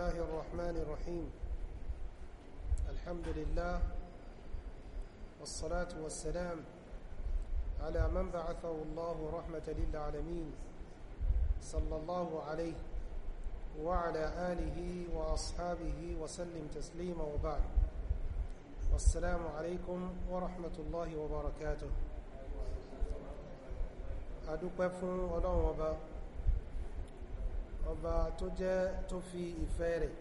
الله الرحمن الرحيم الحمد لله والصلاة والسلام على من بعثه الله رحمة للعالمين صلى الله عليه وعلى آله وأصحابه وسلم تسليما وبعد والسلام عليكم ورحمة الله وبركاته أدوك فون ولو وبركاته ọba tó jẹ́ tó fi ìfẹ́ rẹ̀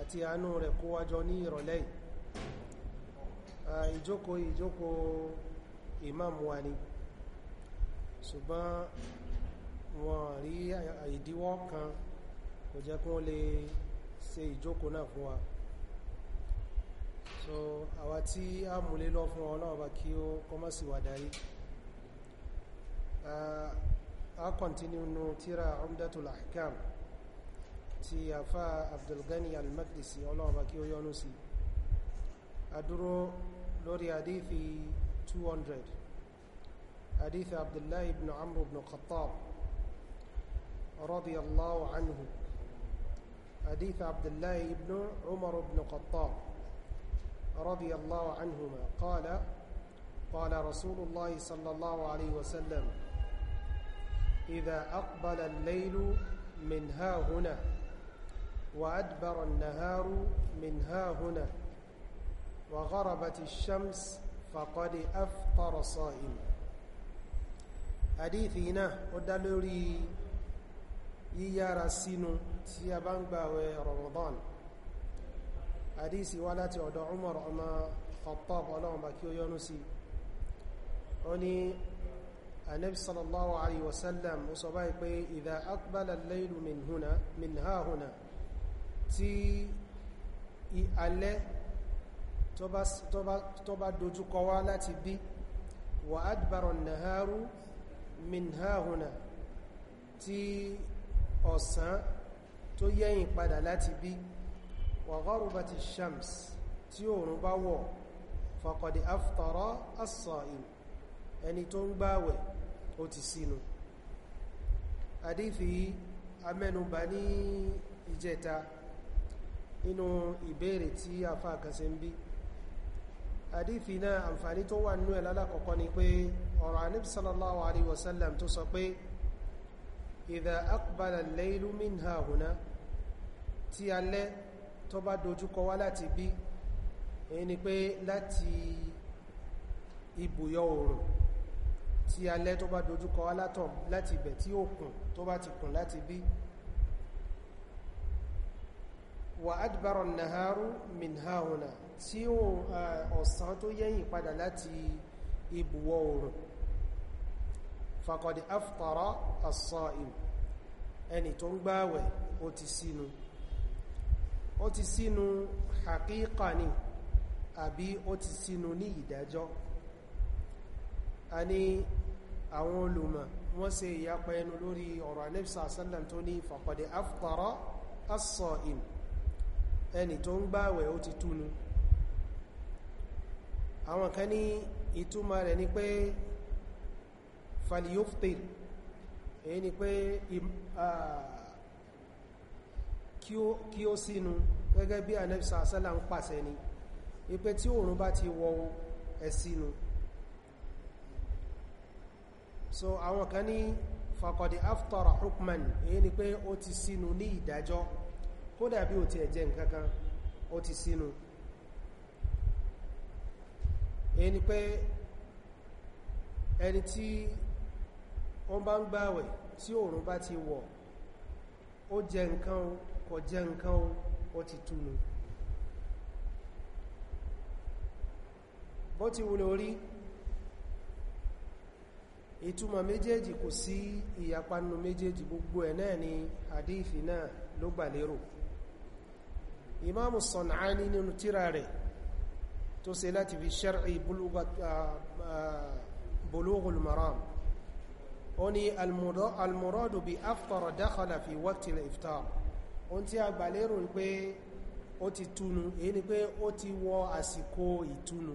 àti àánú rẹ̀ kó wájọ ní ìrọ̀lẹ́ yìí ìjókòó ìjókòó imam wa ni ṣùgbọ́n wọn rí ìdíwọ́ kan kò jẹ́ kí wọ́n lè ṣe ìjókòó náà fún wa so àwa tí a múlé lọ fún ọlọ́ọ̀bá kí ó kọ́mọ́sí wà darí a continue nu tírà umdatul ahkam ti afa abdulgani al-maqdisi ọlọ́ọ̀bá kí ó yọ́nú sí adúró lórí hadithi 200 hadithi abdullahi ibn amr ibn khattab radiyallahu anhu حديث عبد الله بن عمر بن الخطاب رضي الله عنهما قال قال رسول الله صلى الله عليه وسلم إذا أقبل الليل من ها هنا وأدبر النهار من ها هنا وغربت الشمس فقد أفطر صائم حديثي نا ودلوري yíyára sínú tí a bá ń gbàwẹ̀ Ramadan àdísì wá láti ọ̀dọ̀ Umar ọmọ Khattab ọlọ́run bá kí ó yọ́nú sí ó ní النبي صلى الله عليه وسلم وصبايك إذا أقبل الليل من هنا من ها هنا تي alẹ́ tó bá dojú kọ wá láti bí wà adbara naharu min hahuna tí ọ̀sán tó yẹ́yìn padà láti bí wà gharubati shams tí oòrùn bá wọ̀ faqad aftara as-sa'im ẹni tó ń ó ti sínú àdífì amẹ́nubà ní ìjẹta nínú ìbéèrè tí àfáà kan ṣe ń bí àdífì náà àǹfààní tó wà nínú ẹ̀ lálàkọ̀ọ́kọ́ ni pé ọ̀rọ̀ àníbì sallallahu alaihi wasallam tó sọ pé idha aqbala al tí alẹ́ tó bá dojúkọ wá láti bí èyí pé láti ibùyọ oòrùn tí alẹ́ tó bá dojúkọ alátọ̀ láti ibẹ̀ tí ó kùn tó bá ti kùn láti bí wà adbara naharu min hauna tí ọ̀sán tó yẹ́yìn padà láti ibùwọ̀ oòrùn fàkọ̀dì aftara as-sa'im ẹni tó ń gbáwẹ̀ ó ti sínú ó ti sínú haqiqa àbí ó ti sínú ní ìdájọ́ a ní àwọn olùmọ̀ wọ́n ṣe ìyapa ẹnu lórí ọ̀rọ̀ anẹ́bìsà sallam tó ní faqad aftara as-sa'im ẹni tó ń gbáwẹ̀ ó ti túnu àwọn kan ní ìtumọ̀ rẹ̀ ni pé falyuftir èyí ni pé kí ó sínú gẹ́gẹ́ bí anẹ́bìsà sallam pàṣẹ ni ipé tí òòrùn bá ti wọ ẹ̀sínu e so àwọn kan ní faqad aftara hukman èyí ni pé ó ti sínú ní ìdájọ́ kódà bí ó ti ẹ̀jẹ̀ nǹkankan ó ti sínú èyí ni pé ẹni tí ó bá ń gbààwẹ̀ tí òòrùn bá ti wọ̀ ó jẹ nǹkan o kò jẹ nǹkan o ó ti túnu bó ti wulẹ̀ orí ìtumọ̀ méjèèjì kò sí ìyapanu méjèèjì gbogbo ẹ̀ náà ni hadithi náà ló gbà lérò imamu San'ani nínú tírà rẹ̀ tó ṣe láti fi shar'i ah, ah, bulughul maram ó ní almuradu bi aftara dakhala fi waqtil iftar ohun tí a gbà lérò pé ó ti túnu èyí ni pé ó ti wọ àsìkò ìtúnu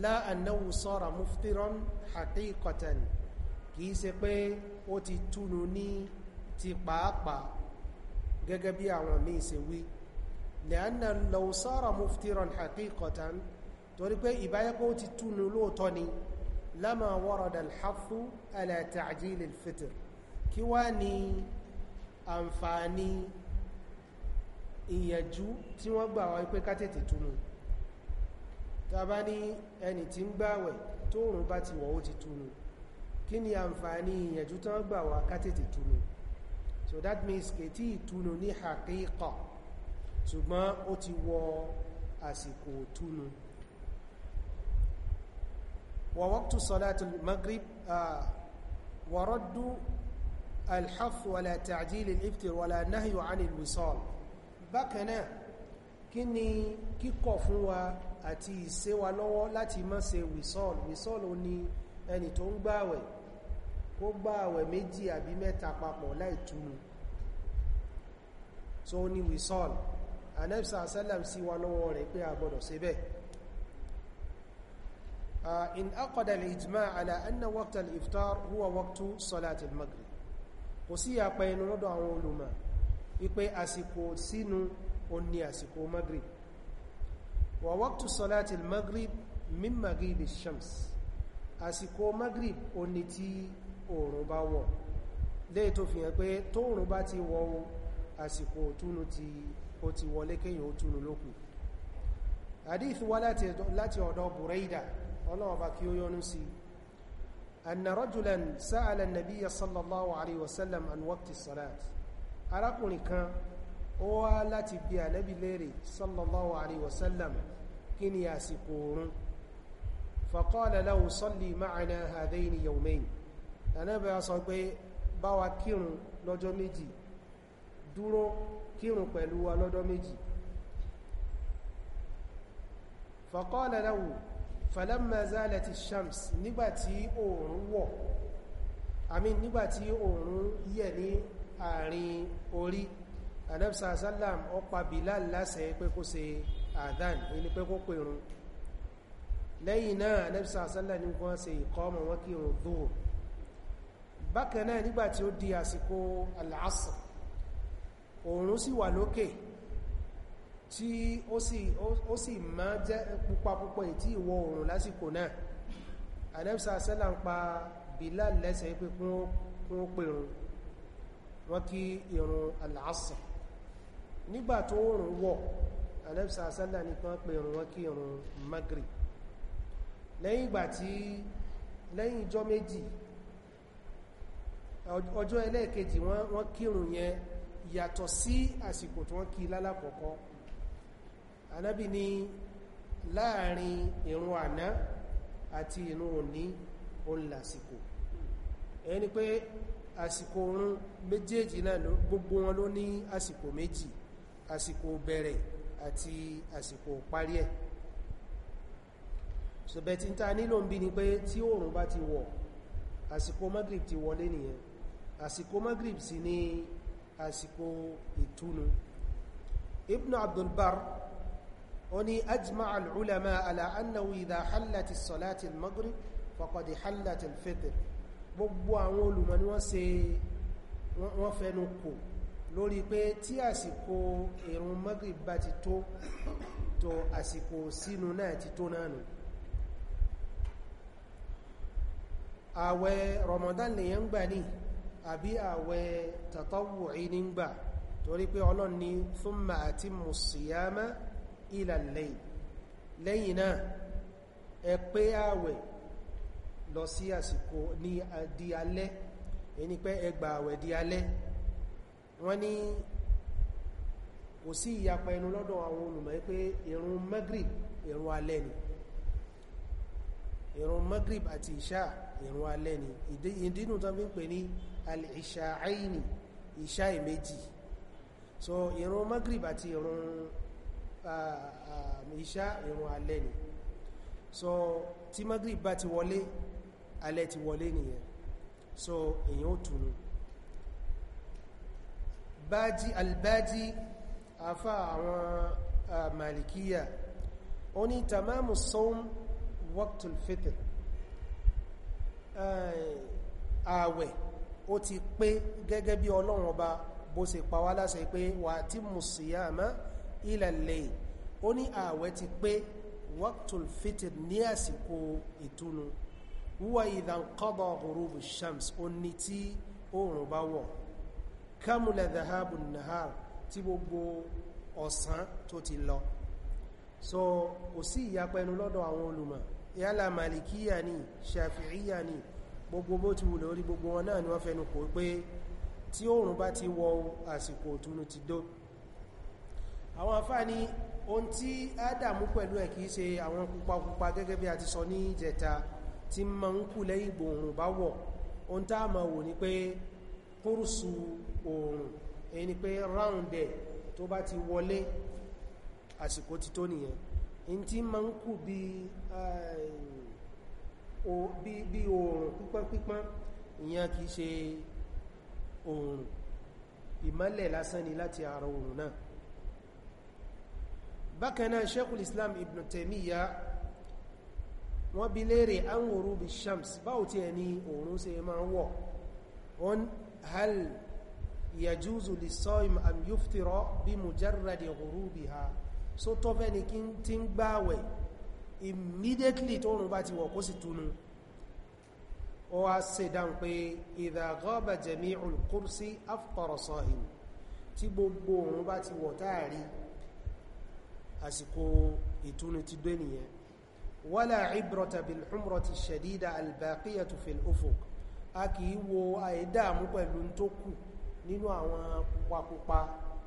la annahu sara muftiran haqiqatan kìí ṣe pé ó ti túnu ní ti pàápàá gẹ́gẹ́ bí àwọn míì ṣe wí lẹ́anà law sara muftiran haqiqatan torí pé ìbáyẹ́pọ̀ ó ti túnu lóòtọ́ ni lama warada alhafu ala tàbá ní ẹni tí ń gbàwẹ̀ tó rùn bá ti wọ̀ ó ti túnu kí ni àǹfààní ìyẹ̀jú tán gbà wá kátètè túnu so that means kètí ìtúnu ní haqiqa ṣùgbọ́n ó ti wọ àsìkò túnu wa waqtu salatul maghrib wa raddu alhaf wala ta'jil al-iftir wala nahyu 'anil wisal bákan náà kí ni kíkọ̀ fún wa àti ìséwa lọ́wọ́ láti má ṣe wìsọ́ọ̀lù wìsọ́ọ̀lù ni ẹni tó ń gbààwẹ̀ kó gbààwẹ̀ méjì àbí mẹ́ta papọ̀ láì túnu so wìsọ́ọ̀lù anẹ́bìsà sẹ́lẹ̀m sí wa lọ́wọ́ rẹ̀ pé a gbọ́dọ̀ ṣe bẹ́ẹ̀ wa waqtu salati al-maghrib min maghrib ash-shams àsìkò maghrib ó ní tí oòrùn bá wọ̀ léè tó fi hàn pé tóòrùn bá ti wọ̀ àsìkò òtúnu ti ó ti wọlé kéyàn òtúnu lókù hadith wá láti ọ̀dọ̀ Buraida ọlọ́ọ̀bá kí ó yọ́nú sí anna rajulan sa'ala an-nabiyya sallallahu alaihi wasallam an waqti as-salat arákùnrin kan ó wá láti bí ànábì léèrè sallallahu alaihi wasallam kí ni àsìkò oorun faqala lahu salli ma'ana hadaini yawmayn ànábì sọ pé bá wa kírun lọ́jọ́ méjì dúró kírun pẹ̀lú wa lọ́jọ́ méjì faqala lahu falamma zalati shams nígbàtí oòrùn wọ̀ àmì nígbàtí oòrùn yẹ̀ ní àárín orí anabisa asalam ọpa bilal láṣẹ pé kó ṣe adan ẹni pé kó pèrún lẹ́yìn náà anabisa asalam ní wọ́n ṣe ìkọ́ ọmọ wọn kí irun dúró bákan náà nígbàtí ó di àsìkò aláàsì òòrùn sì wà lókè tí ó sì ó sì jẹ́ pupa púpọ̀ ètí ìwọ̀ oòrùn lásìkò náà anabisa asalam pa bilal lẹ́sẹ̀ pé kún pèrún wọ́n kí irun aláàsì nígbà tó rùn wọ̀ anẹ́bìsà sálà nìkan pé rùn wọn kí rùn magri lẹ́yìn ìgbà tí lẹ́yìn ìjọ méjì ọjọ́ ẹlẹ́ẹ̀kejì wọ́n kírun yẹn yàtọ̀ sí àsìkò tí wọ́n kí lálàkọ̀ọ́kọ́ anábì ni láàrin ìrun àná àti ìrun òní òun lásìkò ẹni pé àsìkò òun méjèèjì náà gbogbo wọn ló ní àsìkò méjì àsìkò bẹ̀rẹ̀ àti àsìkò parí ẹ̀ ṣùgbẹ́ tí ń ta nílò ń bí ni pé tí oòrùn bá ti wọ̀ àsìkò magrib ti wọlé nìyẹn àsìkò magrib sì ni àsìkò ìtúnu ibn abdulbar ó ní ajma al'ulama ala annahu hallati salati al-maghrib faqad fitr gbogbo àwọn olùmọ̀ ni wọ́n ṣe kò lórí pé tí àsìkò ìrun magrib bá ti tó tó àsìkò sínú náà ti tó náà nù àwẹ̀ Ramadan lèyàn gbà ní àbí àwẹ̀ tatawwu'i ní gbà torí pé Ọlọ́run ní thumma atimmu siyama ila al-layl lẹ́yìn náà ẹ pé àwẹ̀ lọ sí àsìkò ní di alẹ́ ẹni pé ẹ gbà di alẹ́ wọ́n ní kò sí ìyapa ẹnu lọ́dọ̀ àwọn olùmọ̀ pé ìrun magrib ìrun alẹ́ ni ìrun magrib àti ìṣà ìrun alẹ́ ni ìdínú tó fi ń pè ní al-isha'aini ìṣà ìméjì so ìrun magrib àti ìrun ìṣà ìrun alẹ́ ni so tí magrib bá ti wọlé alẹ́ ti wọlé nìyẹn so èyàn ó túnú bájí albájí afá àwọn malikiya ó ní tamamu sawm waqtul fitr ààwẹ̀ ó ti pé gẹ́gẹ́ bí ọlọ́run ọba bó ṣe pa wá láṣẹ pé wà tí musiyama ila layl ó ní ààwẹ̀ ti pé waqtul fitr ní àsìkò ìtúnu wúwa idha qada shams ó ní tí oòrùn bá wọ̀ kámúlà dhahabu nahar tí gbogbo ọ̀sán tó ti lọ so kò sí ìyapẹnu lọ́dọ̀ àwọn olùmọ̀ yálà malikiya ni shafi'iya ni gbogbo bó ti wùlẹ̀ orí gbogbo wọn náà ni wọ́n fẹnu kò pé tí oòrùn bá ti wọ àsìkò òtúnú ti dó àwọn afá ni ohun tí ádámù pẹ̀lú ẹ̀ kìí ṣe àwọn pupapupa gẹ́gẹ́ bí a ti sọ ní ìjẹta tí ma ń kú lẹ́yìn gbòòrùn bá wọ̀ ohun tá a ma wò ní pé kúrùsù oòrùn èyí ni pé round ẹ̀ tó bá ti wọlé àsìkò ti tó nìyẹn in tí ma ń kù bí eh, oòrùn pípọ́n ìyẹn kìí ṣe oòrùn ìmọ́lẹ̀ lásán ni láti ara oòrùn náà bákanáà sheikhul islam ibn taimiyya wọ́n bi léèrè an wòrú bí shams báwo tí ẹni oòrùn ṣe máa ń wọ̀ on hal yẹjúzù lè sọ ìmọ̀ àmìyófìtìrọ bí mujarradi ghurubiha so tó fẹ́ ni kí n ti ń gbáwẹ̀ immediately tó rùn bá ti wọ̀ kó sì túnú ó wá ṣe dáhùn pé idha ghaba jami'ul kursi aftara sa'im tí gbogbo òun bá ti wọ̀ táàrí àsìkò ìtúnu ti dé nìyẹn wala ibrata bil humrati shadida albaqiyatu fil ufuq a wo àìdààmú pẹ̀lú tó kù nínú àwọn pupapupa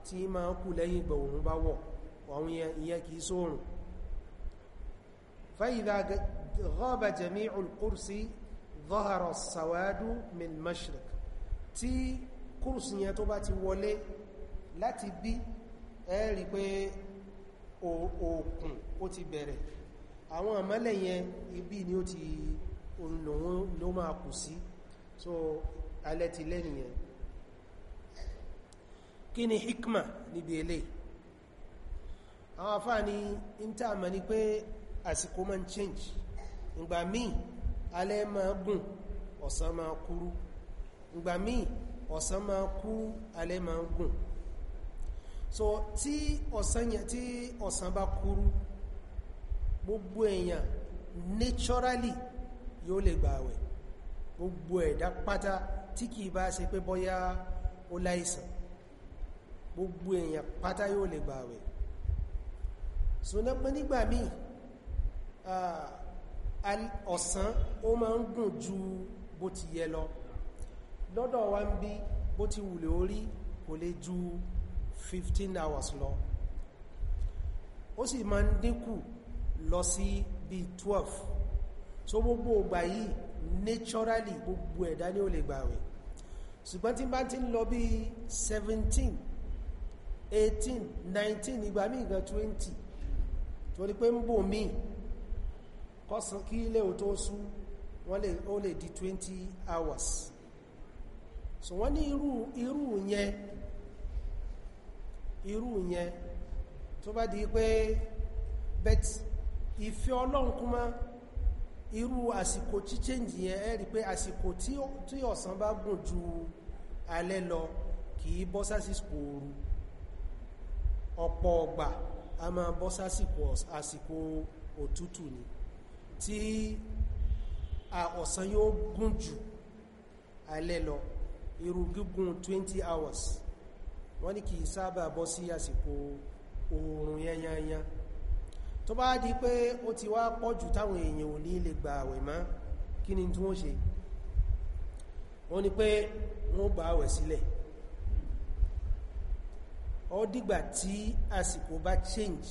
tí ma ń kú lẹ́yìn ìgbà òun bá wọ̀ àwọn ìyẹn kìí sóòrùn fa'idha ghaba jami'ul kursi dhahara as-sawadu min mashriq tí kúrùsì yẹn tó bá ti wọlé láti bí ẹ pé òkun ó ti bẹ̀rẹ̀ àwọn àmọ́lẹ̀ yẹn ibi ni ó ti òun ló máa kù sí so alẹ́ ti lẹ́nìyàn kí ni hikma níbi eléyìí àwọn afáà ni intama ni pé àsìkò máa ń change ìgbà míì alẹ́ máa gùn ọ̀sán máa kúrú ìgbà míì ọ̀sán máa kúrú alẹ́ máa gùn so tí ọ̀sán yẹn tí ọ̀sán bá kúrú gbogbo èèyàn naturally yóò lè gbà àwẹ̀ gbogbo ẹ̀dá pátá tí kìí bá ṣe pé bọ́yá ó láìsàn gbogbo èèyàn pátá yóò lè gbà àwẹ̀ so lọ́pọ̀ nígbà míì ọ̀sán ó máa ń dùn ju bó ti yẹ lọ lọ́dọ̀ wa ń bí bó ti wùlé orí kò lè ju 15 hours lọ ó sì máa ń dínkù lọ sí bí 12 so gbogbo ìgbà yìí naturally gbogbo ẹ̀dá ni ó lè gbààwẹ̀ ṣùgbọ́n tí bá ti ń lọ bí 17 18 19 ìgbà míì gan 20 torí pé ń bò míì kọ́sàn kí ilé ò tó sú wọ́n lè ó lè di 20 hours so wọ́n ní iru irú yẹn irú yẹn tó bá di pé bet ìfẹ́ ọlọ́run kúmá irú àsìkò tí change yẹn ẹ́ rí pé àsìkò tí ọ̀sán bá gùn ju alẹ́ lọ kìí bọ́ sásìkò ọ̀pọ̀ ọgbà a máa bọ́ sásìkò àsìkò òtútù ni tí ọ̀sán yóò gùn jù alẹ́ lọ irú gígùn 20 hours wọ́n ní kìí sábà bọ́ sí àsìkò oòrùn yányányá tó bá di pé ó ti wá pọ̀ jù táwọn èèyàn ò ní lè gba àwẹ̀ mọ́ kí ni tí wọ́n ṣe wọ́n ní pé wọ́n gba àwẹ̀ sílẹ̀ si ó dìgbà tí àsìkò bá change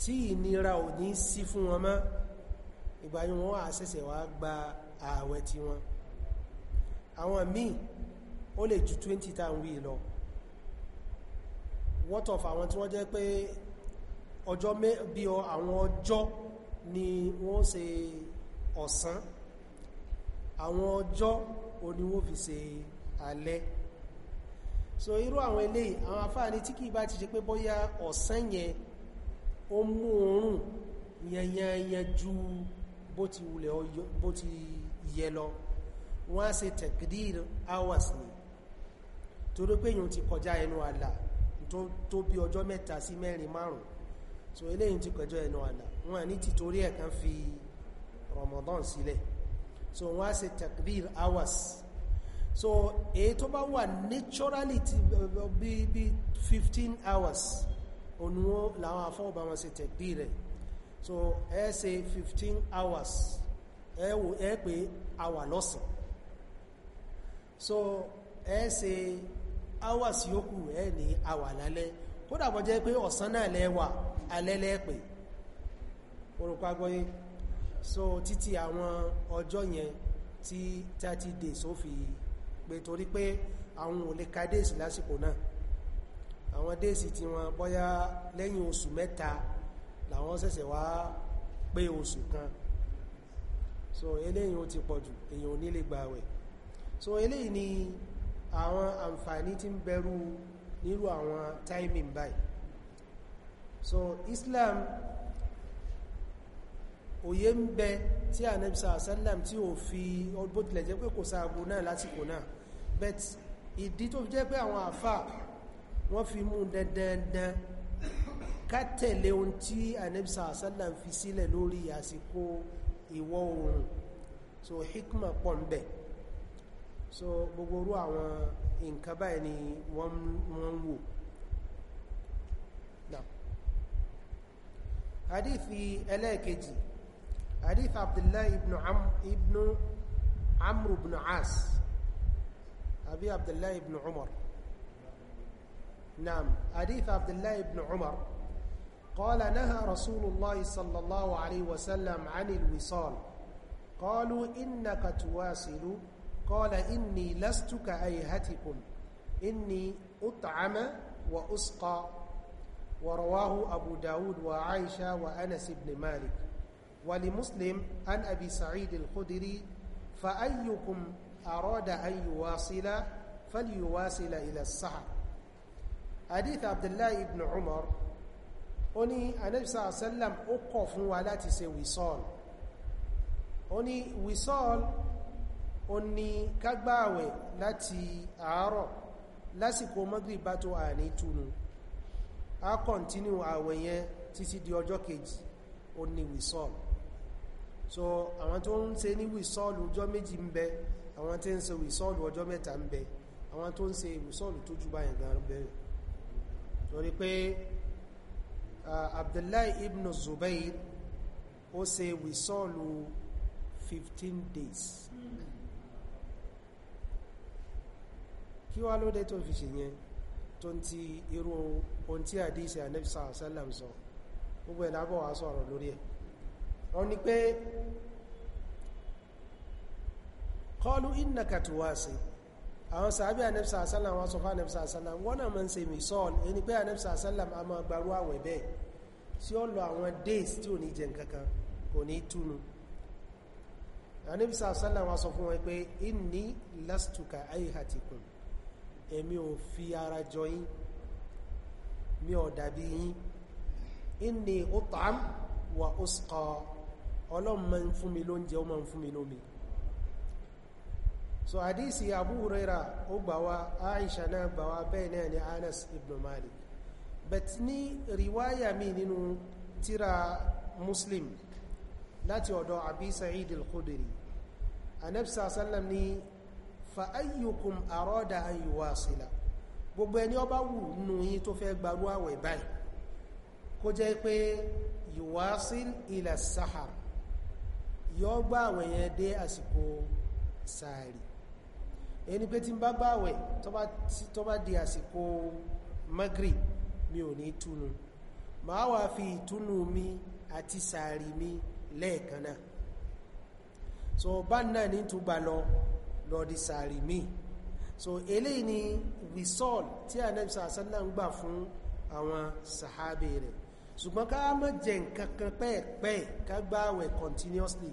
tí ìnira ò ní sí fún wọn mọ́ ìgbà yìí wọ́n á ṣẹ̀ṣẹ̀ wá gba ààwẹ̀ tí wọn àwọn míì ó lè ju 20 tá wí lọ what of àwọn tí wọ́n jẹ́ pé ọjọ́ bí àwọn ọjọ́ ni wọ́n ṣe ọ̀sán àwọn ọjọ́ o ni wọ́n fi ṣe alẹ́ so irú àwọn eléyìí àwọn afáàní tí kìí bá ti ṣe pé bóyá ọ̀sán yẹn ó mú oòrùn yanyanyan ju bó ti wulẹ̀ bó ti yẹ lọ wọ́n á ṣe tẹ̀kìdìr hours ni torí pé yìí ti kọjá ẹnu àlà tó bí ọjọ́ mẹ́ta sí mẹ́rin márùn so eléyìí ti kọjá ẹnu àlà wọ́n ní títorí ẹ̀kan fi Ramadan sílẹ̀ so wọ́n á ṣe tẹ̀kìdìr hours so èyí tó bá wà naturally ti bí bí 15 hours onuwo làwọn afọ́ọ̀bá wọn ṣe tẹ̀gbí rẹ̀ so ẹ ṣe 15 hours ẹ wò ẹ pé àwà lọ́sàn so ẹ ṣe hours yòókù ẹ ní àwà lálẹ́ kódà bọ́ jẹ́ pé ọ̀sán náà lẹ́wà alẹ́ lẹ́pẹ̀ orúkọ agbọ́yé so títí àwọn ọjọ́ yẹn tí 30 days ó fi yìí pé torí pé àwọn ò lè ka déèsì lásìkò náà àwọn déèsì tí wọ́n bọ́yá lẹ́yìn oṣù mẹ́ta làwọn ṣẹ̀ṣẹ̀ wá pé oṣù kan so eléyìn ó ti pọ̀jù èyàn ò gba àwẹ̀ so eléyìn ni àwọn àǹfààní tí ń bẹ̀rù nírú àwọn timing báyìí so Islam òye ń bẹ tí ànẹ́bìsà sálàm tí ò fi bó tilẹ̀ jẹ́ pé kò sáàgbó náà lásìkò náà bet ìdí tó fi jẹ́ pé àwọn àfà wọ́n fi mú dandandan ká tẹ̀lé ohun tí anẹ́bísà àsálà ń fi sílẹ̀ lórí àsìkò ìwọ̀ oòrùn so hikma pọ̀ ń bẹ̀ so gbogbo orú àwọn nǹkan báyìí ni wọ́n ń wò hadithi ẹlẹ́ẹ̀kejì hadith abdullahi ibn amr ibn amr ibn as أبي عبد الله بن عمر نعم حديث عبد الله بن عمر قال نهى رسول الله صلى الله عليه وسلم عن الوصال قالوا إنك تواصل قال إني لست كأيهتكم إني أطعم وأسقى ورواه أبو داود وعائشة وأنس بن مالك ولمسلم عن أبي سعيد الخدري فأيكم أراد أن يواصل فليواصل إلى السحر حديث عبد الله بن عمر أني النبي صلى الله عليه وسلم أقف ولا تسي وصال أني وصال أني كباوي láti àárọ̀ lásìkò magrib bá tó àní túnú a kọ̀ntínú àwẹ̀ yẹn títí di ọjọ́ kejì ó ní so àwọn tó ń ṣe ní wìsọ́ọ̀lù ọjọ́ méjì ń àwọn tí ń ṣe ìsọ́ọ̀lù ọjọ́ mẹ́ta ń bẹ àwọn tó ń ṣe ìsọ́ọ̀lù tó jù báyìí gan bẹ̀rẹ̀ torí pé Abdullahi ibn Zubair ó ṣe ìsọ́ọ̀lù 15 days kí wá ló dé tó fi ṣe yẹn tó ń ti irú ohun tí àdíṣẹ́ ànẹ́bísà sẹ́lẹ̀m sọ gbogbo ẹ̀ lábọ̀ wá sọ̀rọ̀ lórí ẹ̀ wọ́n ní pé kọlu iná kàtùwàsí àwọn sàábí anẹ́bsà sálàm wọn sọ fún anẹ́bsà sálàm wọ́n náà mọ́ ṣe misọ́ọ̀l ẹni pé anẹ́bsà sálàm a máa gbarú àwẹ̀ bẹ́ẹ̀ tí ó lọ àwọn days tí ò ní jẹ nǹkankan kò ní túnu anẹ́bsà sálàm wọn sọ fún wọn pé inni lastuka aihatikum èmi ò fi ara jọ yín mi ò dàbí yín inni utam wa usqa ọlọ́run máa ń fún mi lóúnjẹ ó máa fún mi lómi so hadisi abu huraira ó gbà wá aisha náà gbà wá bẹ́ẹ̀ náà ni anas ibn malik bet ní riwaya mi nínú tírà muslim láti ọ̀dọ̀ abi sa'id al-khudri anabisa sallam ni fa ayyukum arada an yuwasila gbogbo ẹni ó bá wù nù yín tó fẹ́ gbarú àwẹ̀ báyìí kó jẹ́ yuwasil ila sahar yọ gbà àwẹ̀ yẹn dé àsìkò sàárì ẹni pé tí ń bá gbàwẹ̀ tó bá di àsìkò magri mi ò ní túnu màá wà fi ìtúnu mi àti sàárì mi lẹ́ẹ̀kan so bá náà ní túbà lọ lọ sàárì mi so eléyìí ni wisol tí Ànábì sàásánlá ń gbà fún àwọn sàhábé rẹ̀ ṣùgbọ́n ká má jẹ nǹkan kan ká gbàwẹ̀ continuously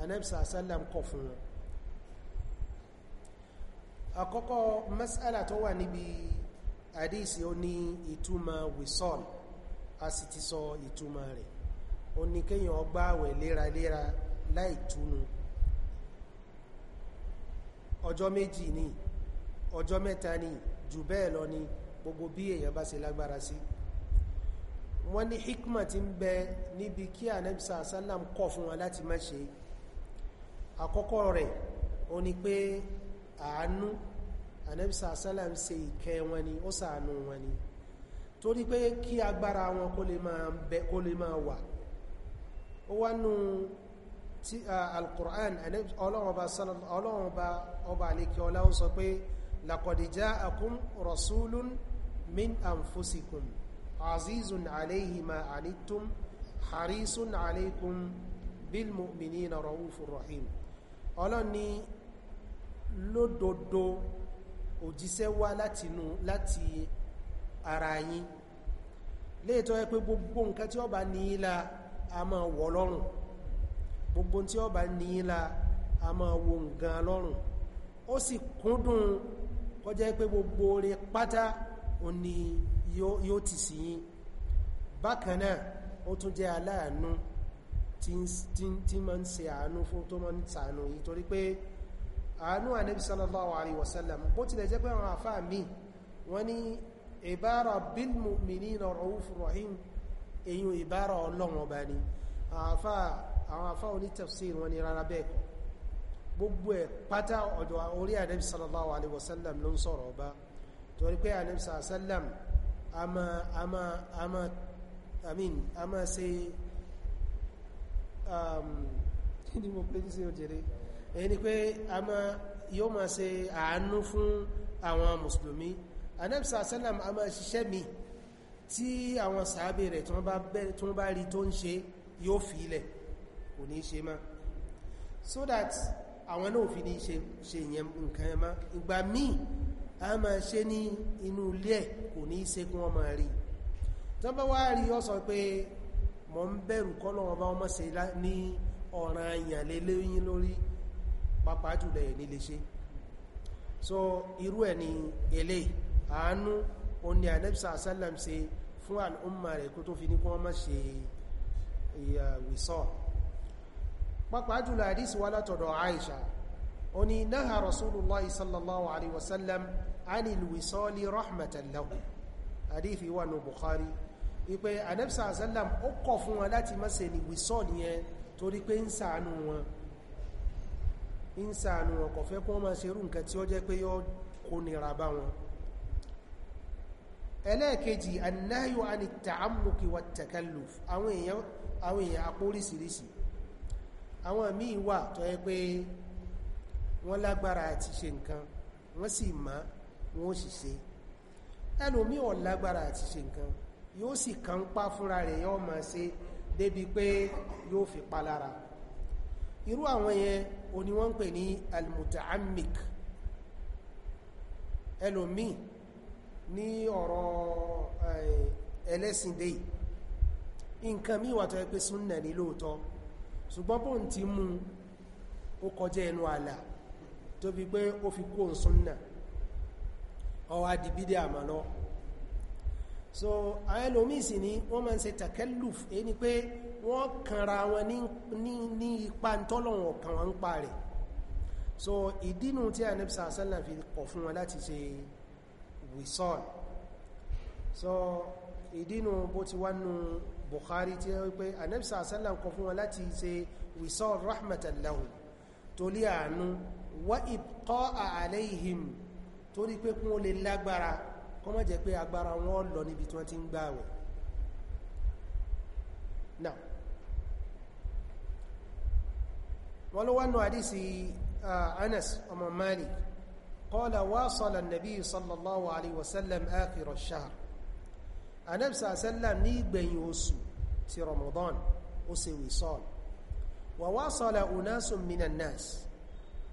Ànábì sàásánlá ń kọ̀ fún wọn àkọ́kọ́ mas'ala tó wà níbi àdísì ó ní ìtumọ̀ wisol a sì ti sọ ìtumọ̀ rẹ̀ ó ní kéyàn ọgbà àwẹ̀ léraléra láì túnu ọjọ́ méjì ní ọjọ́ mẹ́ta ní jù bẹ́ẹ̀ lọ ní gbogbo bí èyàn bá ṣe lágbára sí wọ́n ní hikma ti ń bẹ níbi kí ànẹ́bìsà sálàm kọ̀ fún wọn láti má ṣe àkọ́kọ́ rẹ̀ ó ní pé àánú anẹ́bísà sálàm ṣe ìkẹ́ wọn ni ó ṣàánú wọn ni torí pé kí agbára wọn kó lè máa bẹ kó lè máa wà ó wá nù tí alkùrán ọlọ́run ọba àlékẹ́ ọlá ó sọ pé laqad ja'akum rasulun min anfusikum azizun alayhi ma anittum harisun alaykum bil mu'minina rahim ọlọ́run lódodo òjíṣẹ́ wá látinú láti ara yín léètọ́ ẹ pé gbogbo nǹkan tí ó bá ní ìlà a máa wọ̀ lọ́rùn gbogbo tí ó bá ní ìlà a máa wo nǹkan lọ́rùn ó sì kúndùn kọjá pé gbogbo oore pátá ò ní yóò ti sí yín bákan ó tún jẹ́ aláàánú tí ma ń ṣe àánú fún tó ma ń ṣàánú yìí torí pé àánú ànábì sallallahu alaihi wasallam bó tilẹ̀ jẹ́ pé àwọn àfáà mi wọ́n ní ìbára bil mu'minina ra'ufur rahim èyàn ìbára ọlọ́run ọba ni àwọn àfáà oní tafsir wọn ni rárá bẹ́ẹ̀ kọ́ gbogbo ẹ̀ pátá ọ̀dọ̀ orí ànábì sallallahu alaihi wasallam ló ń sọ̀rọ̀ ọba torí pé ànábì sallallahu alaihi wasallam ama ama ama ẹni pé a ma yóò ma ṣe àánú fún àwọn mùsùlùmí anẹ́bìsà sẹ́làm a ma ṣiṣẹ́ mi tí àwọn sàábì rẹ̀ tí wọ́n bá rí tó ń ṣe yóò fi ilẹ̀ kò ní ṣe má so that àwọn náà fi ní ṣe ìyẹn nǹkan ẹmá ìgbà míì a ma ṣe ní inú ilé ẹ̀ kò ní ṣe kún ọmọ rí tó bá wá rí ọ sọ pé mọ̀ ń bẹ̀rù kọ́lọ̀ ọba ọmọ ṣe ní ọ̀ràn àyàn lórí pàápàá jùlọ ẹ̀ nílé ṣe so irú ẹ̀ ni èlé àánú o ní ànẹ́bìsà sálàm ṣe fún àlùmà rẹ̀ kó tó fi ní kí wọ́n má ṣe ìwìsọ́ pàápàá jùlọ àdísì wá látọ̀dọ̀ Aisha o ní náà rasulullah torí pé ń ṣàánú wọn ń sàánú ọkọ̀ fẹ́ kún wọ́n máa ṣerú nǹkan tí ó jẹ́ pé yóò kó nira bá wọn ẹlẹ́ẹ̀kejì annáyò àni tààmùkì wà takalluf àwọn èèyàn àwọn èèyàn apórísìírísì àwọn míì wà tó yẹ pé wọ́n lágbára àti ṣe nǹkan wọ́n sì má wọ́n sì ṣe ẹlòmí ò lágbára àti ṣe nǹkan yóò sì kàn pa fúnra rẹ̀ yóò máa ṣe débi pé yóò fi palára irú àwọn yẹn oní wọ́n ń pè ní almuta'amik ẹlòmí ní ọ̀rọ̀ eh, ẹlẹ́sìndé nǹkan mí wàtọ̀ ẹgbẹ́ súnnà ní lóòtọ́ ṣùgbọ́n bóhùn ti mú ó kọjá ẹnu àlà tó fi pé ó fi kó súnnà ọwá dìbídé àmàlọ́ so àwọn ẹlòmí sì ni wọ́n máa ń ṣe takelluf èyí pé wọ́n kanra wọn ní ipa tọ́lọ̀wọ̀n kan wọn ń pa rẹ̀ so ìdínú tí a nípa sàásánlá fi kọ̀ fún wọn láti ṣe wisol so ìdínú bó ti wá nù Bukhari tí ó pé a nípa sàásánlá kọ̀ fún wọn láti ṣe wisol rahmatan lahum torí àánú wa ibqa alaihim torí pé kún ó lè lágbára kọ́mọ̀ jẹ́ pé agbára wọn lọ níbi tí wọ́n ti ń gbààwẹ̀ wọ́n ló wánú àdísì Anas ọmọ Malik qala wasala an-nabi sallallahu alaihi wasallam akhir ash-shahr anabisa sallam ní ìgbẹ̀yìn oṣù ti Ramadan ó ṣe wisal wa wasala unasun minan nas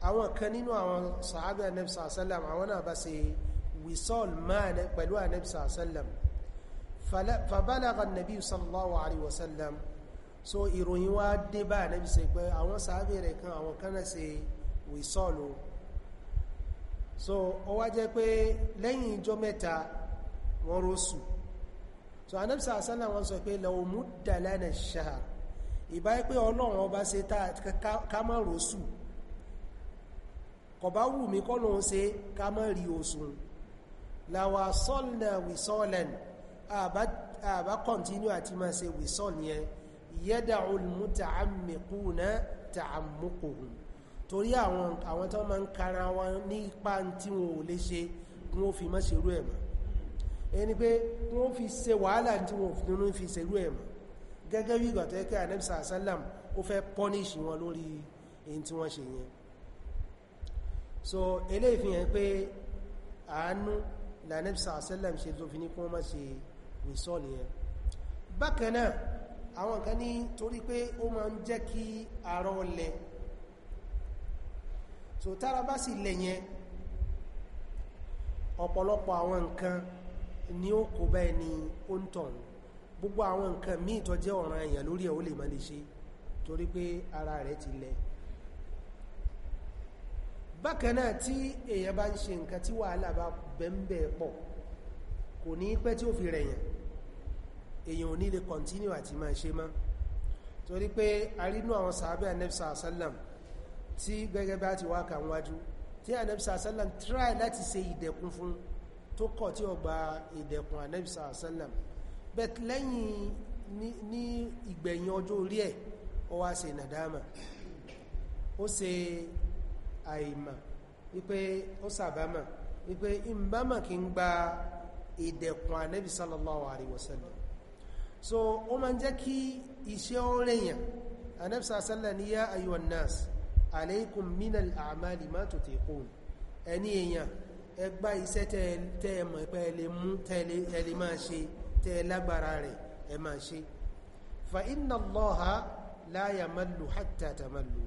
àwọn kan nínú àwọn sàábì anabisa sallam àwọn náà bá ṣe wisal máa pẹ̀lú anabisa sallam فبلغ النبي صلى الله عليه وسلم so ìròyìn wá dé bá ànábì sọ pé àwọn sàábì rẹ̀ kan àwọn kan náà wìsọ́ọ̀lù so ó wá jẹ́ pé lẹ́yìn ìjọ mẹ́ta wọ́n rọ́sù so ànábì sàásánà wọ́n sọ pé lọ́wọ́mú dàlánà ṣáà ìbá pé ọlọ́run ọba ṣe ká má rọ́sù kọ̀bá wù mí kọ́ lóun ṣe ká má rí oṣùn làwà sọ́ọ̀lù náà yẹ́dàá olùmúta àmìkú náà ta àmúkòhùn torí àwọn àwọn tó máa ń kara wọn ní ipa tí wọn ò lè ṣe kí wọ́n fi má ṣerú ẹ̀ mọ́ ẹni pé wọ́n fi ṣe wàhálà tí wọ́n nínú fi ṣerú ẹ̀ gẹ́gẹ́ bí ìgbàtọ̀ kí anẹ́bìsà asálàm ó fẹ́ punish wọn lórí èyí tí wọ́n ṣe yẹn so eléyìí fi hàn pé àánú lànẹ́bìsà asálàm ṣe tó fi ní kí wọ́n má ṣe rìsọ́ọ̀lì yẹn bákan náà àwọn kan ní torí pé ó máa ń jẹ́ kí àrọ lẹ̀ so tára bá sì lẹ̀ yẹn ọ̀pọ̀lọpọ̀ àwọn nǹkan ni ó kò bá ẹni ó ń tọ̀hún gbogbo àwọn nǹkan míì tó jẹ́ ọ̀ràn èèyàn lórí ẹ̀ ó lè má lè ṣe torí pé ara rẹ̀ ti lẹ̀ bákan tí èèyàn bá ń ṣe nǹkan tí wàhálà bá bẹ́ńbẹ́ pọ̀ kò ní pẹ́ tí ó fi rẹ̀yàn èyàn ò ní lè kọ̀ntínú àti máa ṣe mọ́ torí pé arínú àwọn sàábẹ́ anẹ́bsà sálàm tí gẹ́gẹ́ bá ti wá wájú tí anẹ́bsà sálàm try láti ṣe ìdẹ̀kùn fún tó kọ̀ tí ó gba ìdẹ̀kùn anẹ́bsà sálàm bẹ́t lẹ́yìn ní ìgbẹ̀yìn ọjọ́ orí ẹ̀ ó wá ṣe nàdámà ó ṣe àìmà wípé ó sàbámà ìmbámà kí ń gba ìdẹ̀kùn anẹ́bì sallallahu alaihi so ó máa ń jẹ́ kí iṣẹ́ ó rèyàn anẹ́bsà sálà ní yá ayyuhan nas alaykum minal a'mali ma tutiqun ẹni èèyàn ẹgbá iṣẹ́ tẹ́ẹ̀mọ̀ pẹ́ẹ̀lẹ̀ mú tẹ́ẹ̀lẹ̀ máa ṣe tẹ́ẹ̀lágbára rẹ̀ ẹ máa ṣe fa inna Allaha la yamallu hatta tamallu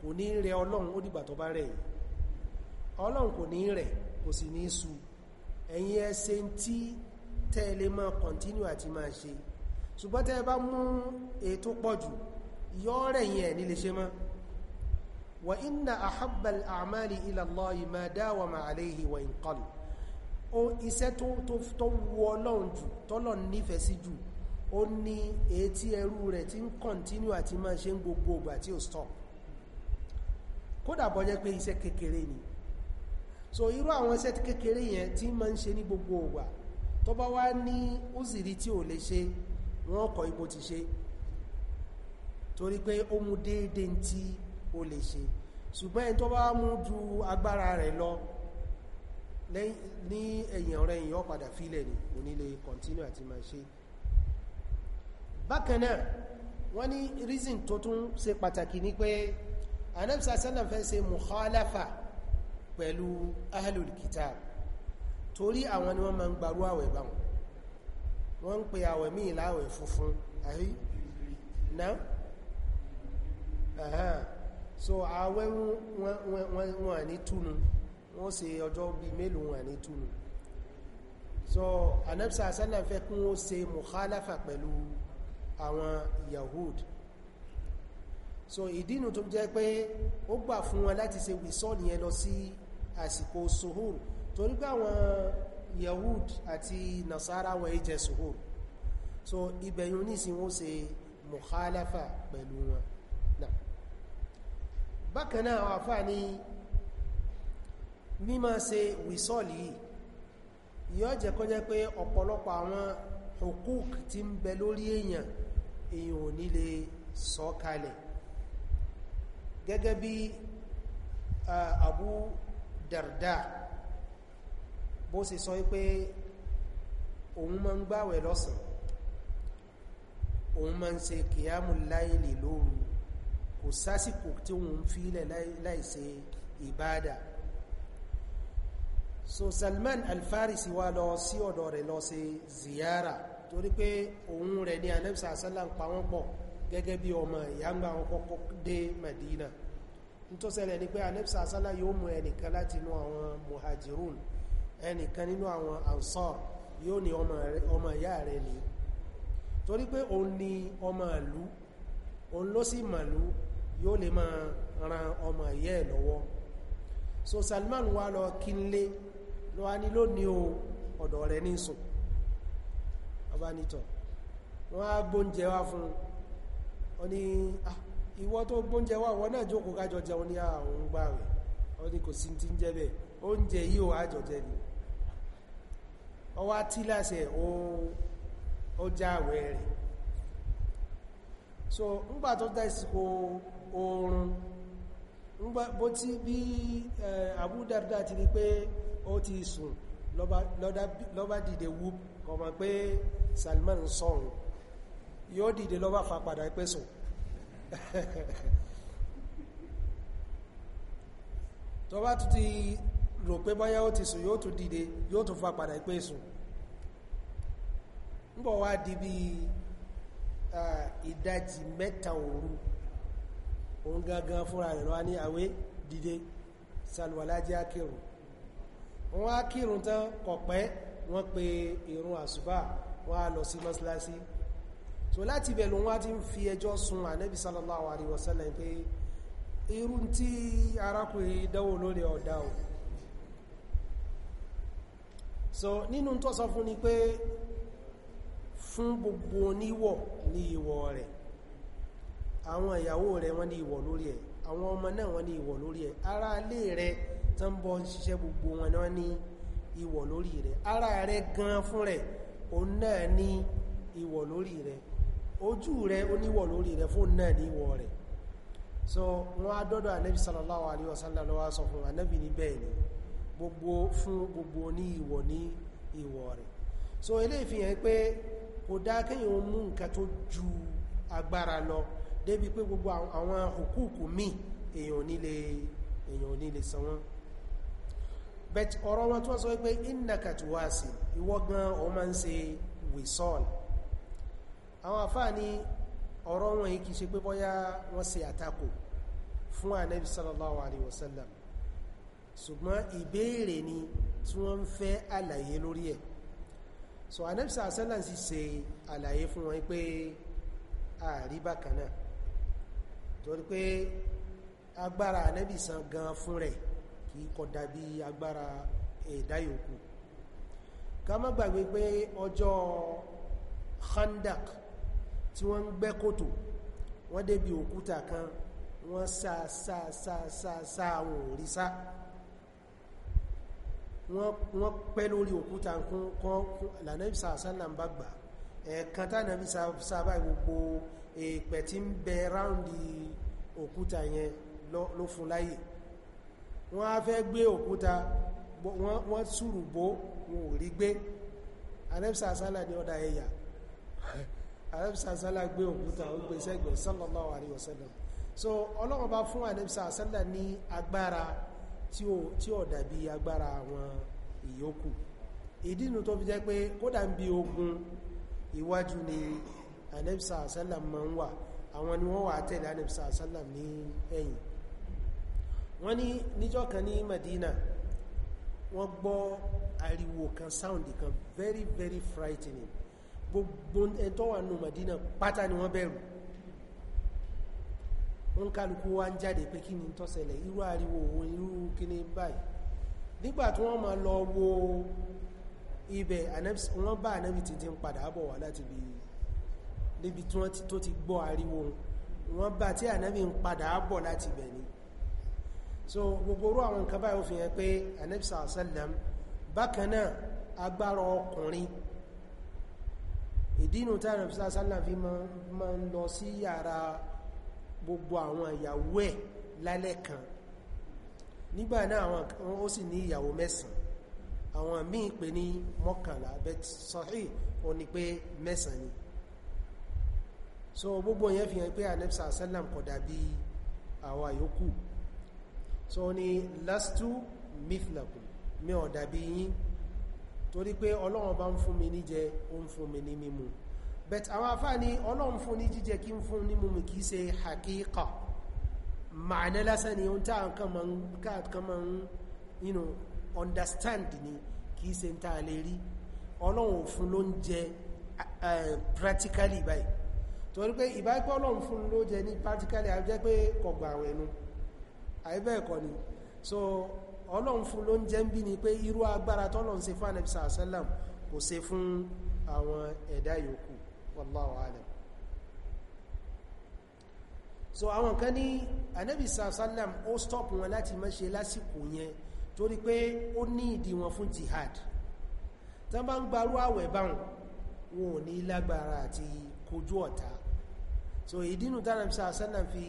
kò ní rẹ ọlọ́run ó dìgbà tó bá rẹ̀ ọlọ́run kò ní rẹ̀ kò sì ní sú ẹ̀yin ẹsẹ̀ tí tẹ́ẹ̀lẹ̀ máa continue àti máa ṣe ṣùgbọ́n tẹ́ bá mú ètò pọ̀jù yọ́ rẹ̀ yẹn nílé ṣe mọ́ wa inna ahabbal a'mali ila Allahi ma dawama alayhi wa in qalla ó iṣẹ́ tó tó tó wu Ọlọ́run jù tọ́lọ̀ nífẹ̀ẹ́ sí jù ó ní ètí ẹrú rẹ̀ tí ń kọ̀ntínú àti máa ṣe ń gbogbo ìgbà tí ó stop so irú àwọn iṣẹ́ kékeré yẹn tí máa ń ṣe wọ́n kọ ipò ti ṣe torí pé ó mú déédéé tí ó lè ṣe ṣùgbọ́n ẹni tó bá mú ju agbára rẹ̀ lọ ní ẹ̀yìn ọ̀rẹ́ yìí ó padà fílẹ̀ ní onílé kọntínú àti máa ṣe bákanáà wọ́n ní reason tó tún ṣe pàtàkì ní pé anẹ́bìsà sẹ́lẹ̀ fẹ́ ṣe mukhalafa pẹ̀lú ahlul kitab torí àwọn ni wọ́n máa ń gbarú àwẹ̀ báwọn wọ́n ń pe àwẹ̀ míì láwẹ̀ funfun àrí náà ẹ̀hàn so àwẹ̀ wọn ní túnu wọ́n ṣe ọjọ́ bí mélòó wọn ní túnu so anẹ́bísà sẹ́nà fẹ́ kún ó se mùhálàfà pẹ̀lú àwọn yahood so ìdínú tó jẹ́ pé ó gbà fún wọn láti ṣe wìsọ́ọ̀lì yẹn lọ sí àsìkò suhur torí pé àwọn yahud àti nasara wọ́n yí jẹ suhur so ibẹ̀yìn onísìn wọ́n ṣe mukhalafa pẹ̀lú wọn náà bákanáà àwọn àfáà ní mímọ̀ ṣe wìsọ́ọ̀lì yìí yóò jẹ́ kọ́ jẹ́ pé ọ̀pọ̀lọpọ̀ àwọn hukuk tí ń bẹ lórí èèyàn èèyàn ò ní lè gẹ́gẹ́ bí ah, Abu Darda bó ṣe sọ pé òun máa ń gbàwẹ̀ lọ́sàn òun máa ń ṣe kìyàmù láìlè lóru kò sásìkò tí òun fílẹ̀ láìṣe ìbádà so Salman Al-Farisi wá lọ sí ọ̀dọ̀ rẹ̀ lọ ṣe ziyara torí pé òun rẹ̀ ní anẹ́bìsà sálà ń pa wọ́n pọ̀ gẹ́gẹ́ bí ọmọ ìyàngbà wọn kọ́kọ́ dé Madina nítòsẹ̀lẹ̀ ni pé anẹ́bìsà sálà yóò mú ẹnìkan láti àwọn muhajirun ẹnìkan nínú àwọn ansar yóò ní ọmọ ìyá rẹ̀ ni torí pé òun ní ọmọ ìlú òun ló sì màlú yóò lè máa ran ọmọ ìyá ẹ̀ lọ́wọ́ so Salman lọ kí n lé lọ wá ní o ọ̀dọ̀ rẹ̀ ní sùn abánitọ̀ fún ọ ní ah, tó gbóúnjẹ wá wọ́n náà jókòó kájọ jẹun ní àwọn ọ ní kò sí ti ń jẹ́ bẹ́ẹ̀ oúnjẹ ọwá tí láṣẹ ó jáwẹ́ rẹ̀ so ńgbà tó dásìkò oorun bó tí bí Abu Darda ti rí pé ó ti sùn lọ́bá dìde wú kọmọ pé Salman sọ̀rùn yóò dìde lọ́bá fa padà pé sùn tó bá ti rò pé bọ́yá ó ti sùn yóò tún dìde yóò tún fa padà pé sùn ń bọ̀ wá di bí ìdajì mẹ́ta òru òun gangan fúnra rẹ̀ lọ́wọ́ ní àwé dìde salwalaji akírun wọ́n á kírun tán kọ̀pẹ́ wọ́n pe ìrun àsùbá wọ́n á lọ sí mọ́síláṣí so láti ibẹ̀ lòun wá ti ń fi ẹjọ́ sun ànẹ́bí sallallahu alaihi wasallam pé irú tí arákùnrin dánwò lórí ọ̀dá o so nínú tó sọ fún ni pé fún gbogbo oníwọ̀ ní ìwọ̀ rẹ̀ àwọn ìyàwó rẹ̀ wọ́n ní ìwọ̀ lórí ẹ̀ àwọn ọmọ náà wọ́n ní ìwọ̀ lórí ẹ̀ ará ilé rẹ̀ tó ń bọ́ ń ṣiṣẹ́ gbogbo wọn náà ní ìwọ̀ lórí rẹ̀ ará rẹ̀ gan fún rẹ̀ òun náà ní ìwọ̀ lórí rẹ̀ ojú rẹ̀ oníwọ̀ lórí rẹ̀ fún náà ní ìwọ̀ rẹ̀ so wọ́n á dọ́dọ̀ ànábì sallallahu alaihi wasallam lọ́wọ́ sọ fún ànábì ní bẹ́ẹ̀ ni gbogbo fún gbogbo ní ìwọ̀ ní ìwọ̀ rẹ̀ so eléyìí fi hàn pé kò dá kéèyàn mú nǹkan tó ju agbára lọ débi pé gbogbo àwọn hùkúùkù míì èèyàn nílé èèyàn nílé bet ọ̀rọ̀ wọn tó wọ́n sọ pé innaka tuwasi ìwọ gan o máa ń ṣe wisol àwọn àfáà ní ọ̀rọ̀ wọn yìí kìí ṣe pé bọ́yá wọ́n ṣe àtakò fún ànábì sallallahu alaihi wasallam ṣùgbọ́n ìbéèrè ni tí wọ́n ń fẹ́ àlàyé lórí ẹ̀ so anẹ́bìsà àṣẹ́là sì ṣe àlàyé fún wọn pé ààrí bákanáà torí pé agbára anẹ́bìsàn gan fún rẹ̀ kì í kódà bí agbára ẹ̀dá yòókù ká má gbàgbé pé ọjọ́ khandak tí wọ́n ń gbẹ́ kòtò wọ́n débi òkúta kan wọ́n sá sá sá sá sá àwọn òrìṣà wọ́n pẹ́ lórí òkúta kọ́ lànàbí sàásánlá ń bá gbà ẹ̀ẹ̀kan tánàbí sábà gbogbo èèpẹ̀ tí ń bẹ ráùndì òkúta yẹn ló fún láyè wọ́n á fẹ́ gbé òkúta wọ́n sùrù bó wọn ò rí gbé ànàbí sàásánlá ní ọ̀dà ẹ̀yà ànàbí sàásánlá gbé òkúta ó gbé sẹ́gbẹ̀ẹ́ sallallahu alaihi wasallam so ọlọ́run bá fún ànàbí sàásánlá ní agbára tí ó dàbí agbára àwọn ìyókù ìdínú tó fi jẹ́ pé kódà ń bí ogun ìwájú ni anẹ́bìsà àṣálàm ma ń wà àwọn ni wọ́n wà tẹ̀lé anẹ́bìsà àṣálàm ní ẹ̀yìn wọ́n ní níjọ́ kan ní Madina wọ́n gbọ́ ariwo kan sound kan very very frightening gbogbo ẹ̀tọ́ wà nù Madina pátá ni wọ́n bẹ̀rù wọn kálukú wá ń jáde pé kí ni tó ṣẹlẹ̀ irú ariwo òun irú kíní báyìí nígbà tí wọ́n máa lọ wo ibẹ̀ wọ́n bá ànábì ti ti ń padà bọ̀ wá láti bí níbi tí wọ́n tó ti gbọ́ ariwo wọ́n bá tí ànábì ń padà bọ̀ láti bẹ̀ ni so gbogbo orú àwọn nǹkan báyìí ó fi hàn pé ànábì sàásẹ́lẹ̀m bákan náà agbára ọkùnrin ìdínú tí ànábì sàásẹ́lẹ̀m fi máa ń lọ sí yàrá gbogbo àwọn ìyàwó ẹ̀ lálẹ́ kan nígbà náà àwọn ó sì ní ìyàwó mẹ́sàn àwọn míì pè ní mọ́kànlá bet sọ́hí o ní pé mẹ́sàn ni so gbogbo yẹn fi hàn pé anẹ́bsà sẹ́lẹ̀m kò dàbí àwa yòókù so ni lastu mithlaku mi ò dàbí yín torí pé ọlọ́run bá ń fún mi níjẹ ó ń fún mi ní mímu but àwọn afá ni ọlọ́run fún ní jíjẹ kí ń fún ní mímu kìí ṣe hakika màánà lásán ni ohun tá kan ma ń you know understand ni kìí ṣe ń tàà lè rí ọlọ́run fún ló ń jẹ practically báyìí torí pé ìbáipẹ́ ọlọ́run fún ló jẹ ní practically a jẹ́ pé kọgbà àwọn ẹnu àìbẹ́ ẹ̀kọ́ ni so ọlọ́run fún ló ń jẹ ń bí ni pé irú agbára tọ́lọ́run ṣe fún àwọn ẹ̀dá yòókù wallahu alam so àwọn kan ní anabi sallam ó stop wọn láti má ṣe lásìkò yẹn torí pé ó ní ìdí wọn fún jihad tán bá ń gbarú àwẹ̀ báwọn wọn ò ní lágbára àti kojú ọ̀tá so ìdínú tánàbí sallam fi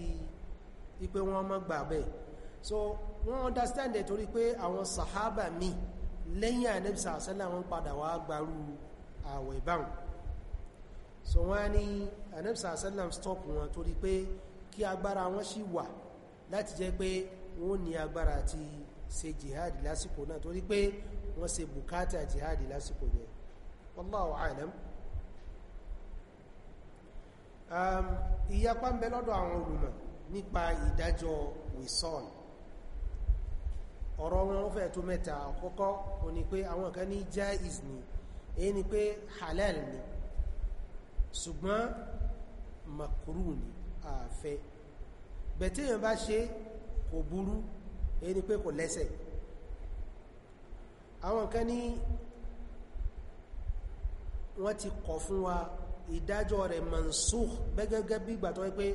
ipé wọn má gbà bẹ́ẹ̀ so wọ́n understand ẹ̀ torí pé àwọn sahaba mi lẹ́yìn anabi sallam wọn padà wá gbarú àwẹ̀ báwọn so wọ́n ní anẹ́bìsà sallam stop wọn torí pé kí agbára wọn sì wà láti jẹ́ pé wọ́n ní agbára àti ṣe jihadi lásìkò náà torí pé wọ́n ṣe bùkátà jihadi lásìkò yẹn wallahu alam um, ìyapa ń bẹ lọ́dọ̀ àwọn olùmọ̀ nípa ìdájọ́ wisọ́ọ̀lù ọ̀rọ̀ wọn ó fẹ́ tó mẹ́ta àkọ́kọ́ ó ní pé àwọn kan ní jaiz ni èyí ni pé halal ni ṣùgbọ́n makuru ni àfẹ́ bẹ̀tíyàn bá ṣe kò burú èyí ni pé kò lẹ́sẹ̀ àwọn kan ní wọ́n ti kọ̀ fún wa ìdájọ́ rẹ̀ mansukh gẹ́gẹ́gẹ́ bí ìgbà tó wẹ́ pé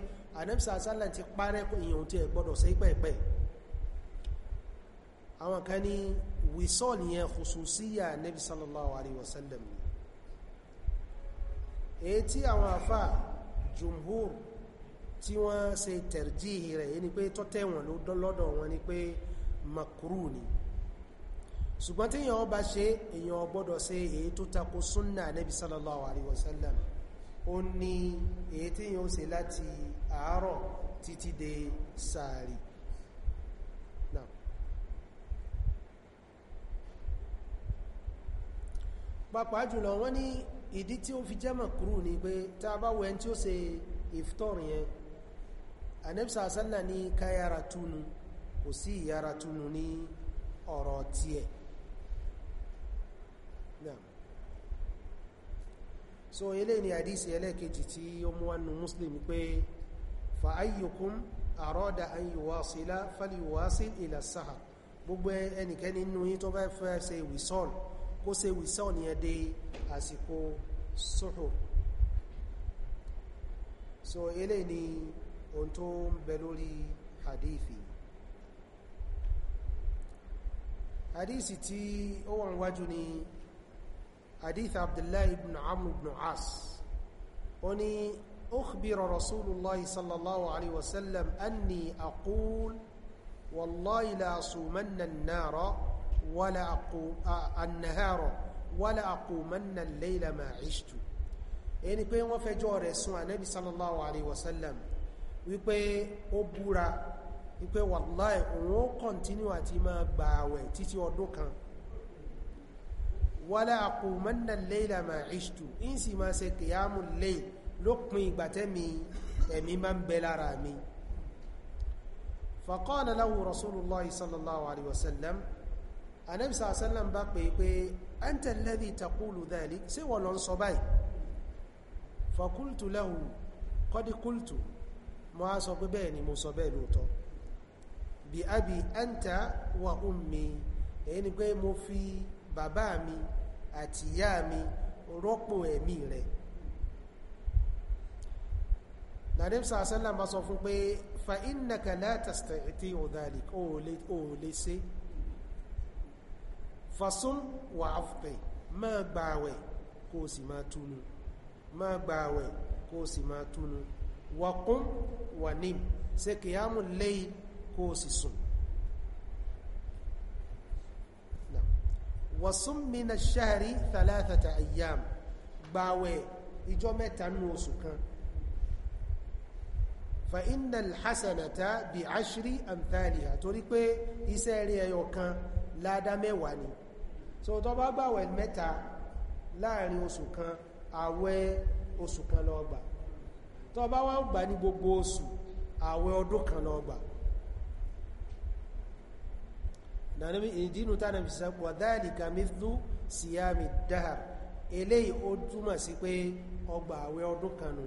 anẹ́bìsà sálà ti parẹ́ ìyàn tí ẹ gbọ́dọ̀ sí pẹ̀pẹ̀ àwọn kan ní wìsọ́ nìyẹn khususiyya anẹ́bì sallallahu alaihi wasallam èyí tí àwọn àfà jùmhúr tí wọ́n ṣe tẹ̀rjíhì rẹ̀ yìí ni pé tọ́tẹ̀wọ̀n lọ́dọ̀ wọn ni pé makuru ni ṣùgbọ́n tí èyàn bá ṣe èyàn gbọ́dọ̀ ṣe èyí tó tako súnnà nẹ́bí sallallahu alaihi wasallam ó ní èyí tí èyàn ṣe láti àárọ̀ títí dé sàárì pàápàá jùlọ wọ́n ní ìdí tí ó fi jẹ́ mọ̀kúrú ni pé tá a bá wo ẹni tí ó ṣe ìfitọ́rùn yẹn anẹ́bísà sálà ní káyára túnu kò sí ìyára túnu ní ọ̀rọ̀ tiẹ̀ so eléyìí ni àdísì ẹlẹ́ẹ̀kejì tí ó mú wánu muslim pé fa ayyukum àrọ́dà an yuwasila fal yuwasil ila sahar gbogbo ẹnikẹ́ni nínú yín tó bá fẹ́ ṣe wìsọ́ọ̀lù kó ṣe wìsàn yẹn dé àsìkò suhur so eléyìí ni ohun tó ń bẹ lórí hadithi hadithi tí ó wọ́n wájú ni hadith abdullahi ibn amr ibn as ó ní أخبر رسول الله صلى الله عليه وسلم أني أقول والله لا أصومن النار ولا أقو النهار ولا أقومن الليل ما عشت ẹni pé wọ́n fẹjọ́ rẹ̀ sùn ànábì sallallahu alaihi wasallam wípé ó búra wípé wàláì òun ó kọ̀ntínú àti máa gba àwẹ̀ títí ọdún kan wala aqumanna al-layla ma ishtu in sì máa ṣe qiyamul layl lópin ìgbà tẹ́mi ẹ̀mí máa ń bẹ lára mi faqala anabi sallallahu alaihi wasallam bá pè pé anta alladhi taqulu dhalik ṣé wọ́n lọ ń sọ báyìí fakultu lahu qad qultu mo á sọ pé bẹ́ẹ̀ ni mo sọ bẹ́ẹ̀ lóòótọ́ bí abi anta wa ummi èyí ni pé mo fi bàbá mi àti ìyá mi rọ́pò ẹ̀mí rẹ̀ nàdẹ́m sàásẹ́lá ma sọ fún pé fa innaka la tastati dhalik ó lè ṣe fasún wà áfùtẹ̀ máa gba àwẹ̀ kó o sì máa túnu máa gba àwẹ̀ kó o sì máa túnu wàkún wà ní ṣe kìyàmù lẹ́yìn kó o sì sùn wàsún mina ṣáàrí thalatata ayyam gba àwẹ̀ ìjọ́ mẹ́ta nínú oṣù kan fa alhasanata bi ashri amthaliha torí pé iṣẹ́ rí ẹyọ kan ládá mẹ́wàá ni so tó bá gbàwẹ̀ mẹ́ta láàrin oṣù kan àwẹ̀ oṣù kan ló gbà tó bá wá gbà ní gbogbo oṣù àwẹ̀ ọdún kan ló gbà nàníbi ìdínú tánàbí sẹ́pù wadhalika mithlu siyami dahr eléyìí ó túmọ̀ sí pé ọgbà àwẹ̀ ọdún kan nù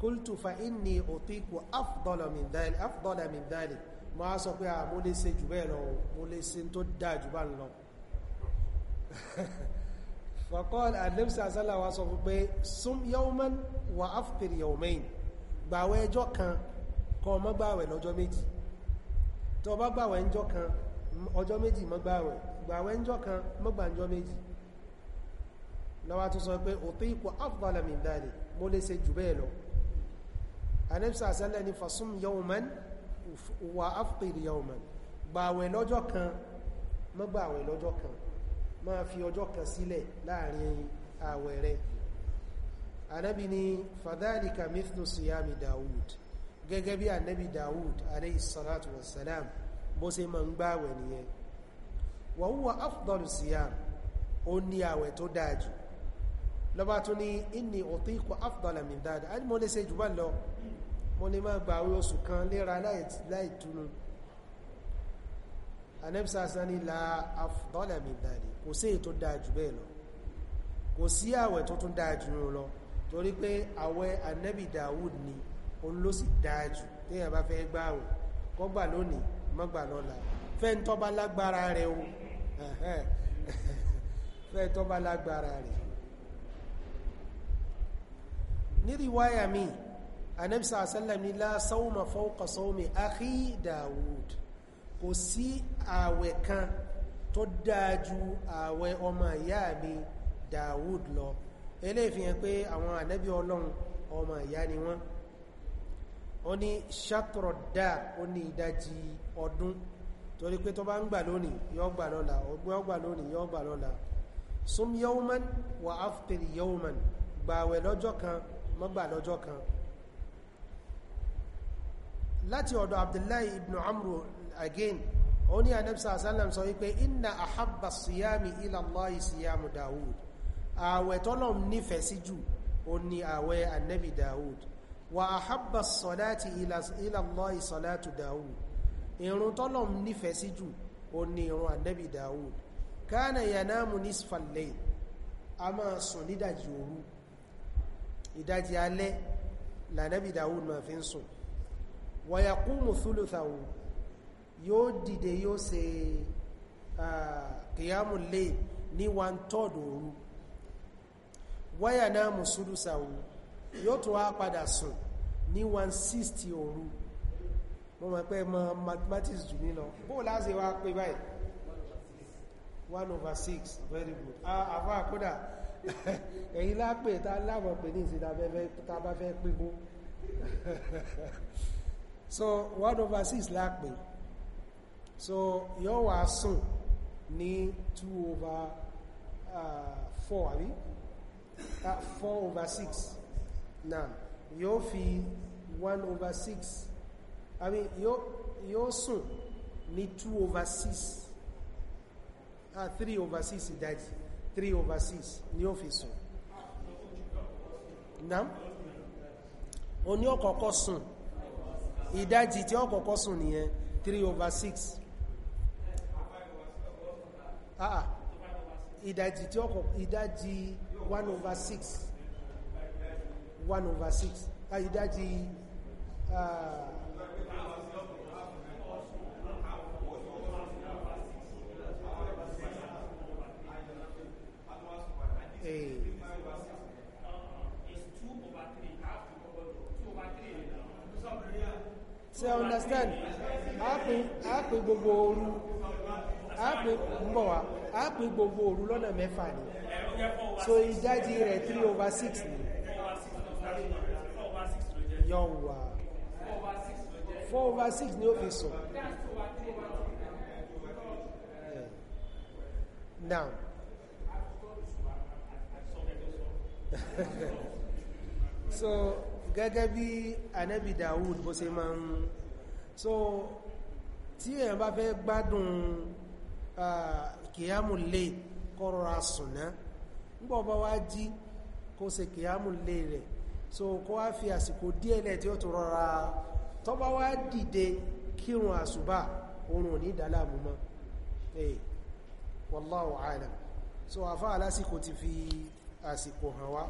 qultu fa inni utiku afdala min dhalik sọ pé à mo lè ṣe jù bẹ́ẹ̀ lọ mo lè ṣe tó dáa jù bá lọ faqal àdébísà sálà wa sọ fún pé sum yawman wa aftir yawmain gbàwẹ̀ ẹjọ́ kan kó má gbàwẹ̀ lọ́jọ́ méjì tó bá gbàwẹ̀ ẹjọ́ kan ọjọ́ méjì má gbàwẹ̀ gbàwẹ̀ ẹjọ́ kan má gbàǹjọ́ méjì lọ́wọ́ tó sọ pé utiqu afdala máa fi ọjọ́ kan sílẹ̀ láàrin ààwẹ̀ rẹ̀ anábi ni fadhalika mithlu siyami Dawud gẹ́gẹ́ bí anábi Dawud aleyhisalatu wasalam bó ṣe ma ń gbáwẹ̀ nìyẹn wa huwa afdalu siyam ó ní ààwẹ̀ tó dájú lọba tún ní inni utiqu afdala min dáadáa a ní mo lè ṣe jù lọ mo lè máa gbàwé oṣù kan léra láìtúnu anẹ́bísà sani la afdala min dáadáa kò sí èyí tó dáa jù bẹ́ẹ̀ lọ kò sí àwẹ̀ tó tún dáa jù lọ torí pé àwẹ̀ anẹ́bì Dawud ni òun ló sì dáa jù téèyàn bá fẹ́ gbà àwẹ̀ kọ́ gbà lónìí mọ́ gbà lọ́la fẹ́ni tó bá lágbára rẹ̀ o fẹ́ni tó bá lágbára rẹ̀ ní riwaya mi anẹ́bì sàásẹ́lẹ̀ ní la sawma fawqa sawmi akhi kò sí àwẹ̀ kan tó dáájú ààwẹ̀ ọmọ ìyá mi Dawud lọ eléyìí fi hàn pé àwọn ànábì ọlọ́run ọmọ ìyá ni wọ́n ó ní ṣàtọ̀rọ̀dá ó ní ìdajì ọdún torí pé tó bá ń gbà lónìí yóò gbà lọ́la ọgbẹ́ ọgbà lónìí yóò gbà lọ́la sum yawman wa after yawman gbàwẹ̀ lọ́jọ́ kan má gbà lọ́jọ́ kan láti ọ̀dọ̀ Abdullahi ibn Amru again ó ní anẹ́bísà asálàm sọ wípé inna ahabba siyami ila Allahi siyamu Dawud ààwẹ̀ tọ́lọ̀ nífẹ̀ẹ́ sí jù ó ní ààwẹ̀ anẹ́bí Dawud wa ahabba salati ila Allahi salatu Dawud ìrun tọ́lọ̀ nífẹ̀ẹ́ sí jù ó ní ìrun anẹ́bí yóò dìde yóò ṣe kìyàmù lè ní one third òru wáyà náà mùsùlù sàwò yóò tó wá padà sùn ní one sixty òru mo mọ̀ pé mọ mathematics jù mí lọ bó láti wá pé báyìí one over six very good àwọn àkódà èyí lápè tá láwọn pè ní ìsìn tá bá fẹ́ pín bó so one over six lápè so yóò wá sùn ní 2 over uh, 4 àbí uh, 4 over 6 náà yóò fi 1 over 6 àbí yóò sùn ní 2 over 6 ah, 3 over 6 ìdájì 3 over 6 ni ó fi sùn Now o ní ọkọ̀ọ̀kọ́ sùn ìdájì tí ọkọ̀ọ̀kọ́ sùn nìyẹn 3 over 6 ah ìdajì tí ọkọ̀ ìdajì 1 over 6 1 over 6 ah ìdajì Hey. Ah, eh. ṣe understand a pè gbogbo ooru a pè ń bọ̀ wá a pè gbogbo òru lọ́nà mẹ́fà ni so ìdajì rẹ̀ three over six ni yọ̀wà four over six ni ó fi sùn eh. now so gẹ́gẹ́ bí anabi Dawud bó ṣe máa ń so tí èèyàn bá fẹ́ gbádùn kìyàmù lè kọ́rọ̀ asùnà nígbà ọba wá jí kó ṣe kìyàmù lè rẹ̀ so kó wá fi àsìkò díẹ̀ lẹ̀ tí ó tó rọra tọ́ba wá dìde kírun àsùbà oorun ní ìdálàmú mọ́ ee wallahu so àfá alásìkò ti fi àsìkò hàn wá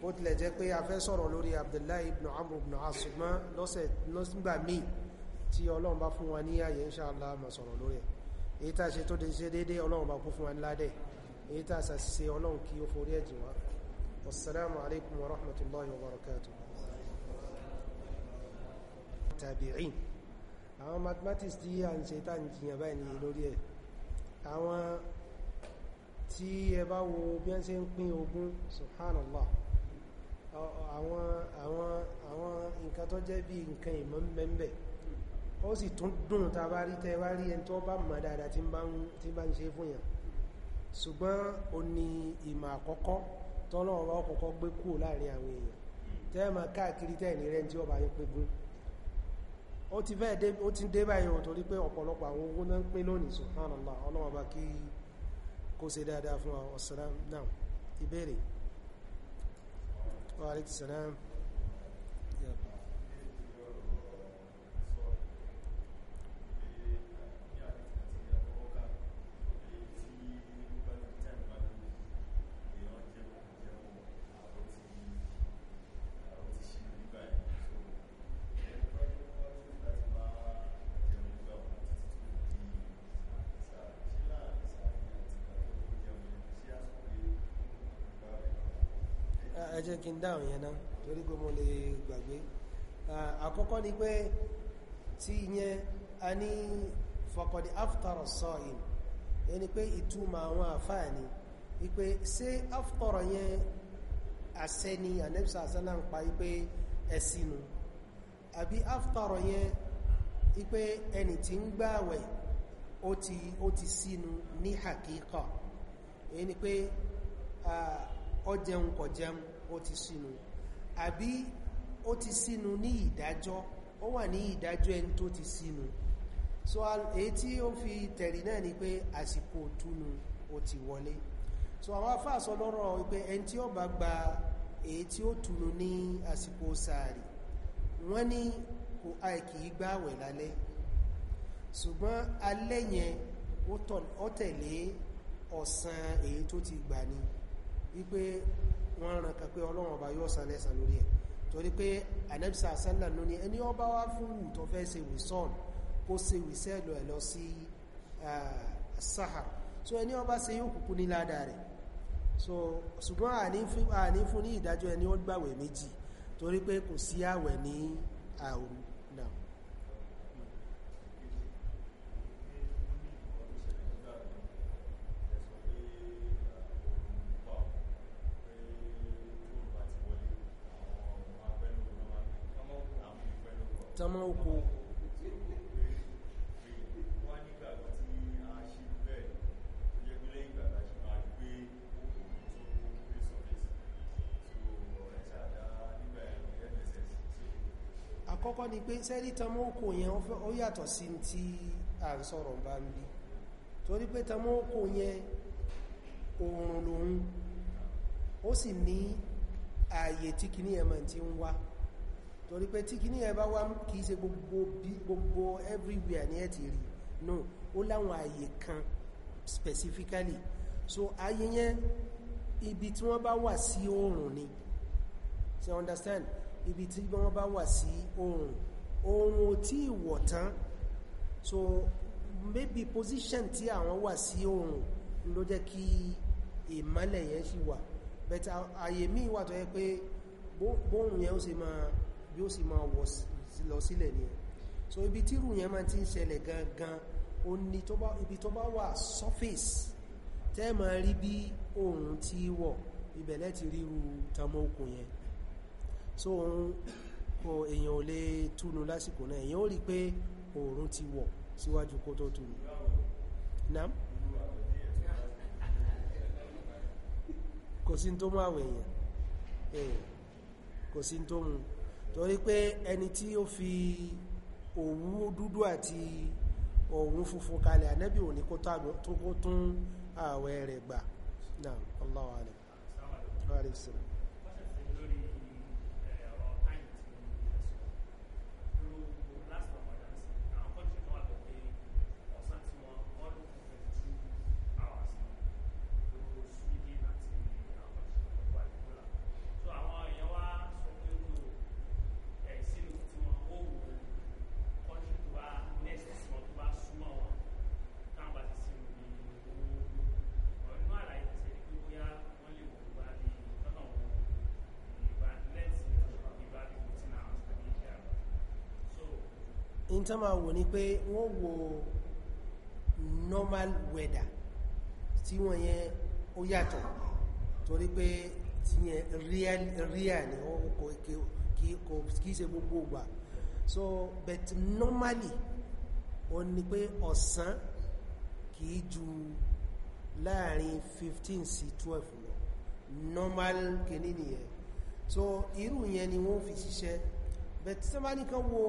bó tilẹ̀ jẹ́ pé a fẹ́ sọ̀rọ̀ lórí abdullahi ibn amr ibn asuma lọ́sẹ̀ nígbà míì tí ọlọ́run bá fún wa ní àyè insha Allah lórí ẹ̀ èyí tá a ṣe tó de ṣe dédé ọlọ́run bá kún fún wa ńládẹ̀ èyí tá a ṣàṣìṣe ọlọ́run kí ó forí ẹ̀jìn wa wassalamu alaikum wa rahmatullahi wa barakatuh tabi'in àwọn mathematics tí a ń ṣe tá ń jiyàn báyìí ní lórí ẹ̀ àwọn tí ẹ bá wo bí wọ́n ṣe ń pín ogún subhanallah àwọn àwọn nǹkan tó jẹ́ bí nǹkan ìmọ̀ mẹ́mbẹ̀ẹ́ ó sì tún dùn ta bá rí tẹ bá rí ẹni tó bá mọ̀ dáadáa tí bá ń ṣe fún yàn ṣùgbọ́n o ní ìmọ̀ àkọ́kọ́ tọ́lọ́wọ́ ọkọ̀kọ́ gbé kúrò láàrin àwọn èèyàn tẹ́ ma káàkiri tẹ́ ní rẹ́ tí ó bá yọ pé gún ó ti fẹ́ ó ti dé báyìí ò torí pé ọ̀pọ̀lọpọ̀ àwọn owó náà ń pín lónìí subhanallah ọlọ́wọ́ bá kí kó ṣe dáadáa fún ọ̀sán náà ìbéèrè wa alaikum salam ẹ jẹ́ kí n dáhùn yẹn náà torí pé mo lè gbàgbé àkọ́kọ́ ni pé tí ìyẹn a ní fọkọ̀dí aftara sọ́ìm ẹni pé ìtumọ̀ àwọn àfáà ni wípé ṣé aftara yẹn àṣẹ ni ànẹ́bìsà àṣẹ náà ń pa wípé ẹ̀sìnù àbí aftara yẹn wípé ẹni tí ń gbààwẹ̀ ó ti ó ti sínú ní hakika ẹni pé ó jẹun jẹun ó ti sínú àbí ó ti sínú ní ìdájọ́ ó wà ní ìdájọ́ ẹni tó ti sínú so èyí tí ó fi tẹ̀rí náà ni pé àsìkò túnú ó ti wọlé so àwọn afáàsọ lọ́rọ̀ wípé ẹni tí ó bá gba èyí tí ó túnú ní àsìkò sàárì wọ́n ní kò àìkì gbáwẹ̀ lálẹ́ ṣùgbọ́n alẹ́ yẹn ó tẹ̀lé ọ̀sán èyí tó ti gbà ní wípé wọ́n ràn kàn pé ọlọ́run ọba yóò san lẹ́san lórí ẹ̀ torí pé anẹ́bísà sálà ló ní ẹni ọba wá fún wù fẹ́ ṣe wìsọ́ọ̀n kó ṣe wìsẹ́ ẹ̀ lọ sí sáhà so ẹni ọba ṣe yóò kúkú ní ládàá rẹ̀ so ṣùgbọ́n àní fún ní ìdájọ́ ẹni ó gbàwẹ̀ méjì torí pé kò sí àwẹ̀ ní àrùn tamá oko àkọ́kọ́ ni pé sẹ́rí tamá yẹn ó yàtọ̀ sí ti à ń sọ̀rọ̀ bá ń bí torí pé tamá oko yẹn oòrùn lòun ó sì ní ààyè tí kìíní ẹ̀mọ̀ tí ń wá torí pé tí kí ní ẹbá wá kìí ṣe gbogbo everywhere ní ẹ rí no ó láwọn àyè kan specifically so ayé yẹn ibi tí wọ́n bá wà sí oòrùn ni so understand ibi tí wọ́n bá wà sí oòrùn oòrùn tí ìwọ̀ tán so maybe position tí àwọn wà sí oòrùn ló jẹ́ kí ìmọ́lẹ̀ yẹn sì wà but àyè míì wà tó yẹ pé bóòrùn yẹn ó ṣe máa yóò sì máa wọ̀ lọ sílẹ̀ ni so ibi tí rù yẹn máa ti ń ṣẹlẹ̀ gangan ó ní ibi tó bá wà surface tẹ́ máa rí bí oòrùn ti wọ̀ ibẹ̀lẹ̀ ti ríru tamọ́ okùn yẹn so òun kò èyàn ò lè túnu lásìkò náà èyàn ó rí pé oòrùn ti wọ̀ síwájú kó tó túnu nam kò sí tó mú àwẹ̀ èyàn kò sí tó mú torí pé ẹni tí ó fi òwú dúdú àti òwú funfun kalẹ̀ ànábì òní kó tún ààwẹ̀ rẹ̀ gbà náà Allahu alim tó máa wò ní pé wọ́n wo normal weather tí wọ́n yẹn ó yàtọ̀ torí pé tí yẹn real real ni ó kò kìí gbogbo ìgbà so but normally ó ní pé ọ̀sán kìí ju láàrin 15 sí 12 lọ normal kìíní nìyẹn so irú yẹn ni wọ́n fi ṣiṣẹ́ but somebody kan wo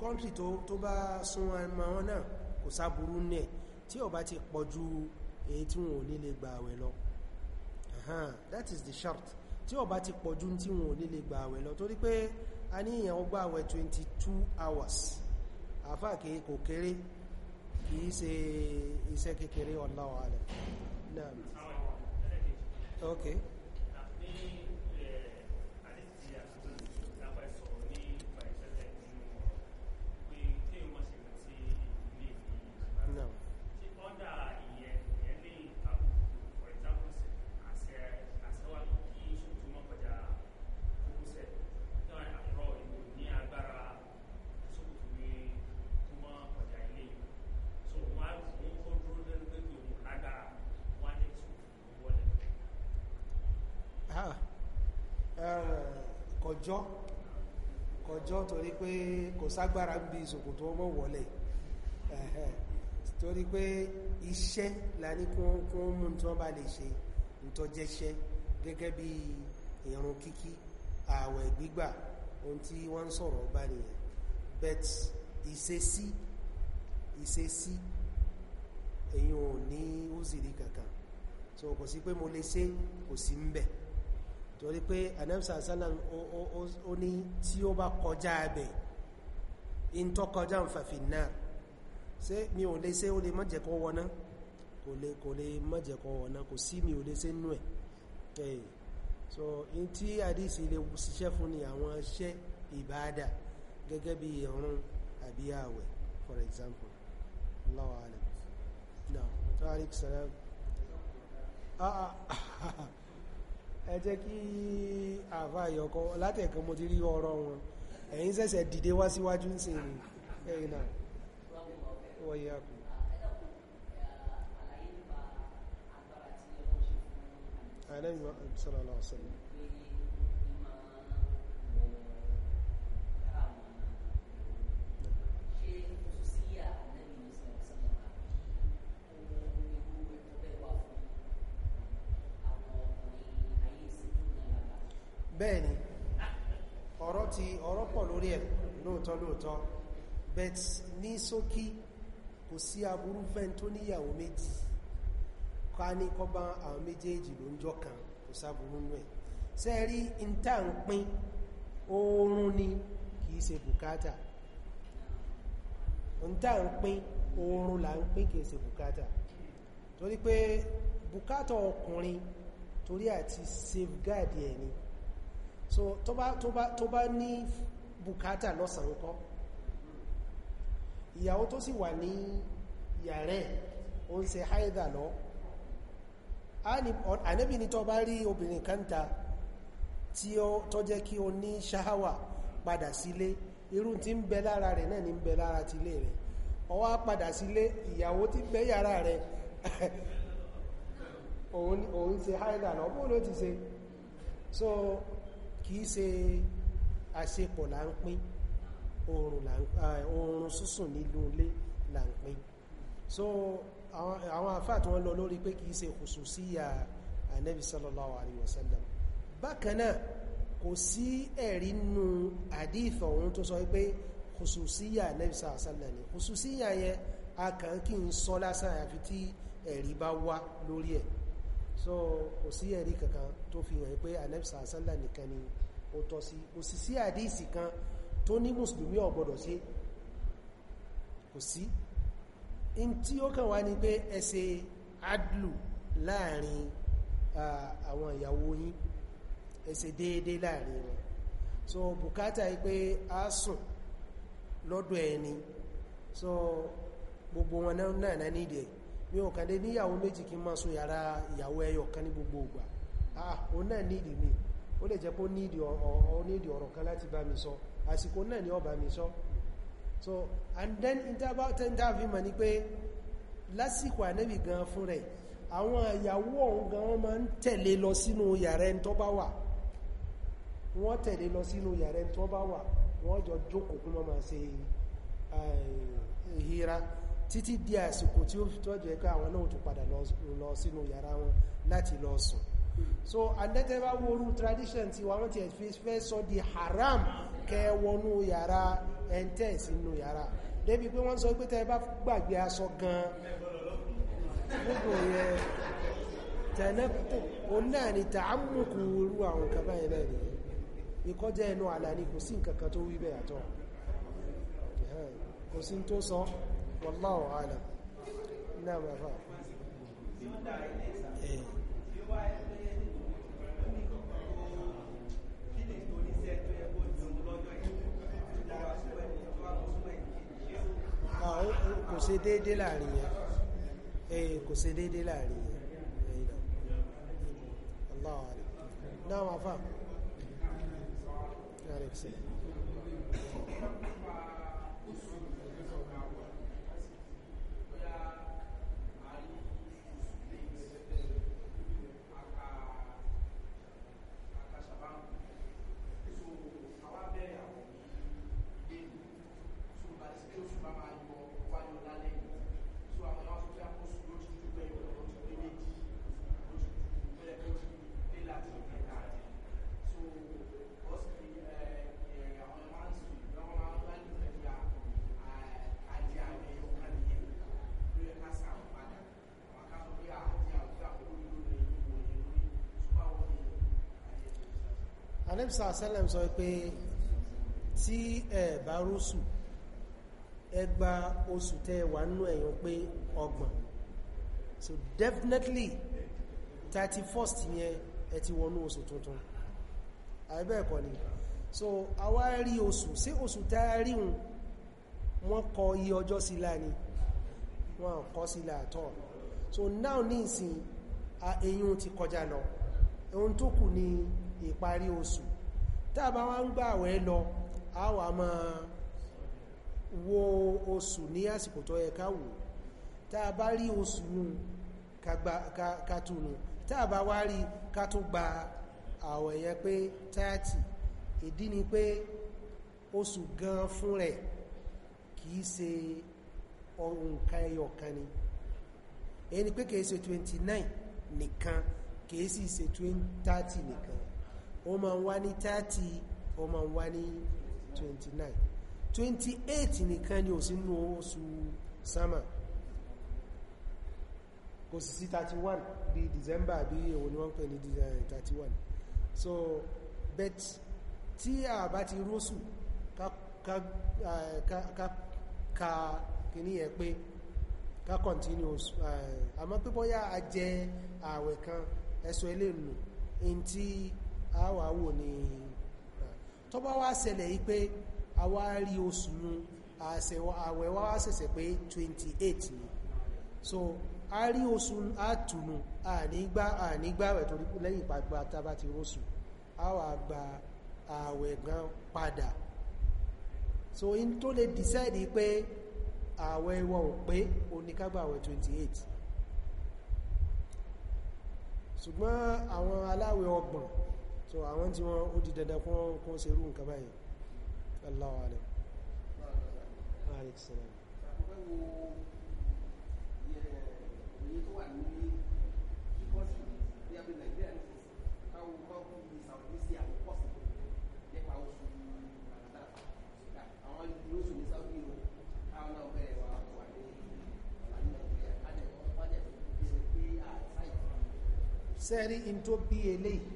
kọ́ntì tó bá súnmọ́ ẹmà wọn náà kò sáburú ní ẹ̀ tí ó ti pọ̀ èyí tí wọn ní lè gbà àwẹ̀ lọ that is the shart tí ó bá ti pọ̀ ju tí wọn ní lè gbà àwẹ̀ lọ torí pé a ní ìyàn gbà àwẹ̀ 22 hours àfá kìí kò kéré kìí ṣe iṣẹ́ kékeré wallahu alam náà kọjọ́ kọjọ́ torí pé kò ságbára ń bi ìsòkòtò ọmọ wọlé torí pé iṣẹ́ la ní kún mú tí wọ́n bá lè ṣe ìtọ́jẹ́ṣẹ́ gẹ́gẹ́ bí ìrun kíkí ààwẹ̀ gbígbà ohun tí wọ́n ń sọ̀rọ̀ bá nìyẹn bet ìṣesí ìṣesí èyí ò ní ó sì rí kankan so kò sí pé mo lè ṣe kò sí ń bẹ̀ torí pé anamsa ó ní tí ó bá kọjá abẹ in tó kọjá ń fàfin náà ṣé mi ò lè ṣe ó lè má wọná kò lè kò lè má wọná kò sí mi ò lè ṣe nú ẹ̀ so in tí àdìsí lè ṣiṣẹ́ fún ni àwọn iṣẹ́ ìbáadà gẹ́gẹ́ bí ìrun àbí ààwẹ̀ for example Allahu alam now ẹ jẹ́ kí àfà àyọkọ látẹ̀kan mo ti rí ọ̀rọ̀ wọn ẹ̀yin ṣẹ̀ṣẹ̀ dìde wá síwájú ń sìn ẹ̀yìn náà wọ́n yẹ kù. àlẹ́ ìwọ̀n sọ̀rọ̀ lọ́sọ̀rọ̀ bẹ́ẹ̀ni ọ̀rọ̀ ti ọ̀rọ̀ pọ̀ lórí ẹ̀ lóòótọ́ lóòótọ́ bet ní ṣókí kò sí aburú fẹ́n tó níyàwó méjì ká ní kọ́bá àwọn méjèèjì ló ń jọ kan kò sáburú nú ẹ̀ sẹ́rí ìntà ń pín oorun ni kìí ṣe bùkátà ìntà ń pín oorun là ń pín kìí ṣe bùkátà torí pé bùkátà ọkùnrin torí àti safeguard ẹ̀ ni so tó bá tó ní bùkátà lọ́sàn kọ́ ìyàwó tó sì wà ní yàrẹ́ ó ń ṣe haida lọ ànẹ́bì ni tó bá rí obìnrin kanta tí ó tó jẹ́ kí o ní ṣáháwà padà sílé irú tí ń bẹ lára rẹ̀ náà ni ń bẹ lára ti lé rẹ̀ ó wá padà sílé ìyàwó tí bẹ yàrá rẹ̀ òun ṣe haida lọ bó ló ti ṣe so kìí ṣe àṣepọ̀ là ń pín oorun sísùn nílùú ilé là ń pín so àwọn àfáà tí wọ́n lọ lórí pé kìí ṣe khususiyya ànábì sallallahu alaihi wasallam bákanáà kò sí ẹ̀rí nínú hadith ọ̀hún tó sọ pé khususiyya ànábì sallallahu alaihi wasallam ni khususiyya yẹn a kàn kí n sọ lásán àfi tí ẹ̀rí bá wá lórí ẹ̀ so kò sí ẹ̀rí kankan tó fi hàn pé anẹ́bìsà sálà nìkan ni ó tọ́ sí kò sì àdíìsì kan tó ní mùsùlùmí ò gbọ́dọ̀ kò sí in tí ó kàn wá ní pé ẹ adlu láàrin àwọn ìyàwó yín ẹ ṣe déédé láàrin wọn so bùkátà yí pé a sùn lọ́dọ̀ ẹni so gbogbo wọn náà náà nídìí mi ò kàn níyàwó méjì kí máa sùn yàrá ìyàwó ẹyọ kan ní gbogbo ògbà ah o náà níìdì mi ó lè jẹ́ pé ó níìdì ọ̀rọ̀ kan láti bá mi sọ àsìkò náà ni ó bá mi sọ so and then interview fi mọ̀ ní pé lásìkò ànẹ́bì gan fún rẹ̀ àwọn ìyàwó ọ̀hún gan wọ́n máa ń tẹ̀lé lọ sínú yàrá ẹni tó bá wà wọ́n tẹ̀lé lọ sínú yàrá ẹni tó bá wà wọ́n jọ jókòó kún mọ́ máa ṣe eh, hira títí di àsìkò tí ó fi tọ́jú ẹ̀kọ́ àwọn náà tó padà lọ sínú yàrá wọn láti lọ sùn so anẹ́tẹ́bá worú tradition tí wọ́n ti fẹ́ sọ di haram kẹwọnú yàrá ẹntẹ́ sínú yàrá débi pé wọ́n sọ pé tẹ́ bá gbàgbé aṣọ gan gbogbo yẹ tẹ̀lẹ́pùtò o ni tààmùkù orú àwọn kaba ẹ̀rẹ́ ni ìkọjá والله أعلم نعم يا فاطمة إيه. kò ṣe déédé láàrin yẹn ee kò ṣe déédé láàrin yẹn ẹ̀yìn náà allah alẹ́ náà wà fáà anẹ́bìsà sẹ́lẹ̀m sọ pé tí ẹ bá rúsù ẹ oṣù tẹ́ wà nínú ẹ̀yàn pé ọgbọ̀n so definitely 31st yẹn ẹ ti wọnú oṣù tuntun àìbẹ́ẹ̀kọ́ ni so àwa rí oṣù sí oṣù tá a rí un wọ́n kọ iye ọjọ́ sí láàní wọ́n kọ́ sí láàtọ̀ so now ní ìsìn èyí ti kọjá lọ ohun tó kù ni ìparí oṣù tàbá wá ń gbààwẹ̀ lọ a wà máa wo oṣù ní àsìkò tó yẹ ká wò tàbá rí oṣù nù kàtùnù tàbá wá rí ká tó gba àwẹ̀ yẹn pé 30 ìdí ni pé oṣù gan fún rẹ̀ kìí ṣe nǹkan ẹyọ kan ni èyí pé kìí ṣe 29 nìkan kìí sì ṣe 30 nìkan ó ma ń wá ní 30 ó ma ń wá ní 29 28 nìkan ni ò sí nú oṣù sánmà kò sì sí 31 bí December bí èwo ni wọ́n pè ní 31 eh, so bet tí a bá ti rósù ká ká eh, ká ká ká pé ká continue oṣù eh, àmọ́ pé bóyá a jẹ ààwẹ̀ kan ẹ̀sọ́ ilé nù in tí àwà wò ní tó bá wá ṣẹlẹ̀ yí pé àwa rí oṣù mú àwẹ̀ wá ṣẹ̀ṣẹ̀ pé 28 ni so a rí oṣù àtùnù ànígbà ànígbà rẹ̀ torí lẹ́yìn ìpàgbà tàbá ti oṣù àwà gba àwẹ̀ gan padà so in tó lè decide pé àwẹ̀ wọn ò pé oníkágbà àwẹ̀ 28 ṣùgbọ́n àwọn aláwẹ̀ ọgbọ̀n so àwọn tí wọ́n ó di dandan kún ṣe rú nǹkan báyìí Allahu alam sẹ́rí in tó bí eléyìí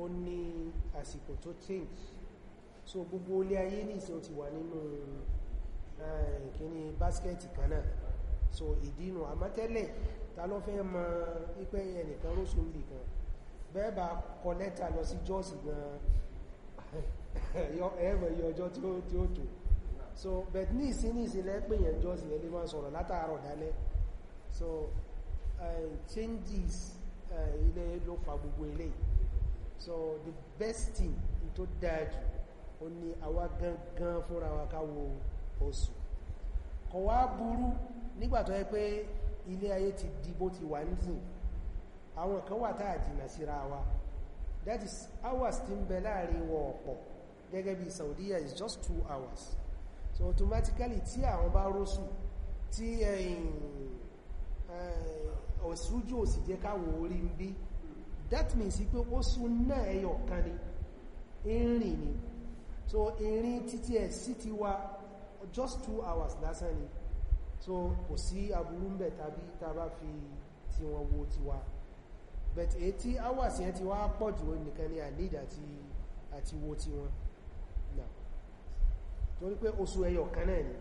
ó ní àsìkò tó change so gbogbo ilé ayé ní ìsìn ti wà nínú eh, kíní báskẹ̀tì kan náà so ìdínú àmọ́tẹ́lẹ̀ ta ló fẹ́ mọ ipẹ́ ẹnìkan ló sùn lì kan bẹ́ẹ̀ bá kọ lẹ́tà lọ sí jọ́ọ̀sì gan ẹ̀rọ iye ọjọ́ tí ó tó so but ní ìsìn ní ìsìn lẹ́pẹ̀ yẹn jọ́ọ̀sì yẹn lè máa sọ̀rọ̀ so eh, changes eh, ilé ló fa gbogbo eléyìí so the best thing tó dáa jù ó ní àwa gangan fúnra wa ká wo oṣù kò wá burú nígbà tó yẹ pé ilé ayé ti di bó ti wà ń sìn àwọn kan wà tá àjìnà síra wa that is hours ti ń bẹ láàrin wọn ọ̀pọ̀ gẹ́gẹ́ bí Saudiya is just two hours so automatically tí àwọn bá rósù tí ẹ̀yìn ọ̀sùjú òsì jẹ́ káwọ̀ orí ń bí that means pé ó súnà ẹyọ kan ni ìrìn ni so ìrìn títí ẹ̀ sí wa just two hours lásán ni so kò sí aburú ń bẹ̀ tàbí tàbá fi tí wọ́n wo ti wa but 80 hours yẹn ti wá pọ̀ jù nìkan ni i need àti àti wo ti Now, náà torí pé oṣù yo kan náà ni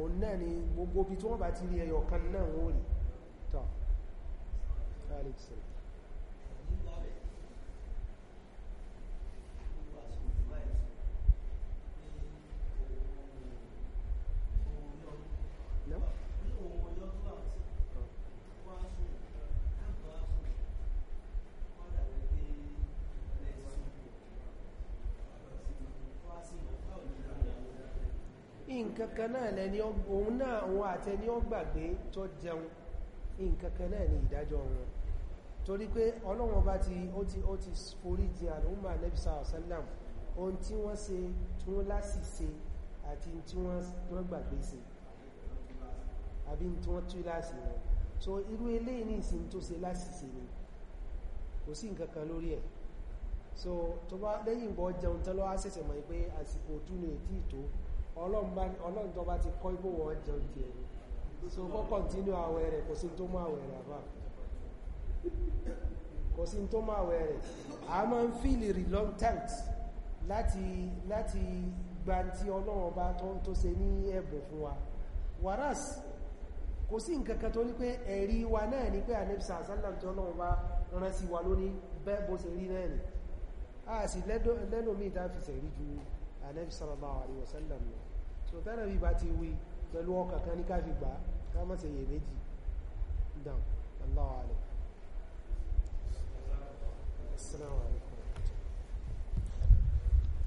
òun náà ni gbogbo bí tí wọ́n bá ti rí ẹyọ kan náà wọ́n rí tọ́ alex sir nǹkan náà lẹni òun náà òun àtẹni ó gbàgbé tó jẹun nǹkan kan náà ni ìdájọ́ wọn torí pé ọlọ́wọ́n bá ti ó ti ó ti forí jìn àlùmọ́ ànábì sáà sálàm ohun tí wọ́n ṣe tí wọ́n lásì ṣe àti tí wọ́n gbàgbé ṣe àbí tí wọ́n tú láàsì wọn so irú eléyìí ní ìsìn tó se láàsì ṣe ni kò sí nǹkan kan lórí ẹ̀ so tó bá lẹ́yìn bọ́ jẹun tán á ṣẹ̀ṣẹ̀ mọ̀ pé àsìkò tún lè tí ì ọlọ́run tó bá ti kọ́ ibò wọ́n jẹun tiẹ̀ so kọ́ kọ́ntínú àwẹ̀ rẹ̀ kò sí tó mọ́ àwẹ̀ rẹ̀ àbá kò sí tó mọ́ àwẹ̀ rẹ̀ a máa ń fíìlì reluctant láti láti gbanti ọlọ́run ọba tó ṣe ní ẹ̀bùn fún wa waras kò sí nkankan tó ní pé ẹ̀rí wa náà ní pé àníbsà sálàm tí ọlọ́run bá rán sí wa lóní bẹ́ẹ̀ bó ṣe rí náà ni a sì lẹ́nu mi ta fi ṣẹ̀rí ju àníbsà sallallahu alaihi wasallam lọ so tánà bí bá ti wí pẹ̀lú ọkàn kan ní ká fi gbà ká má ṣe iyèméjì dàn Allahu alim. Assalamu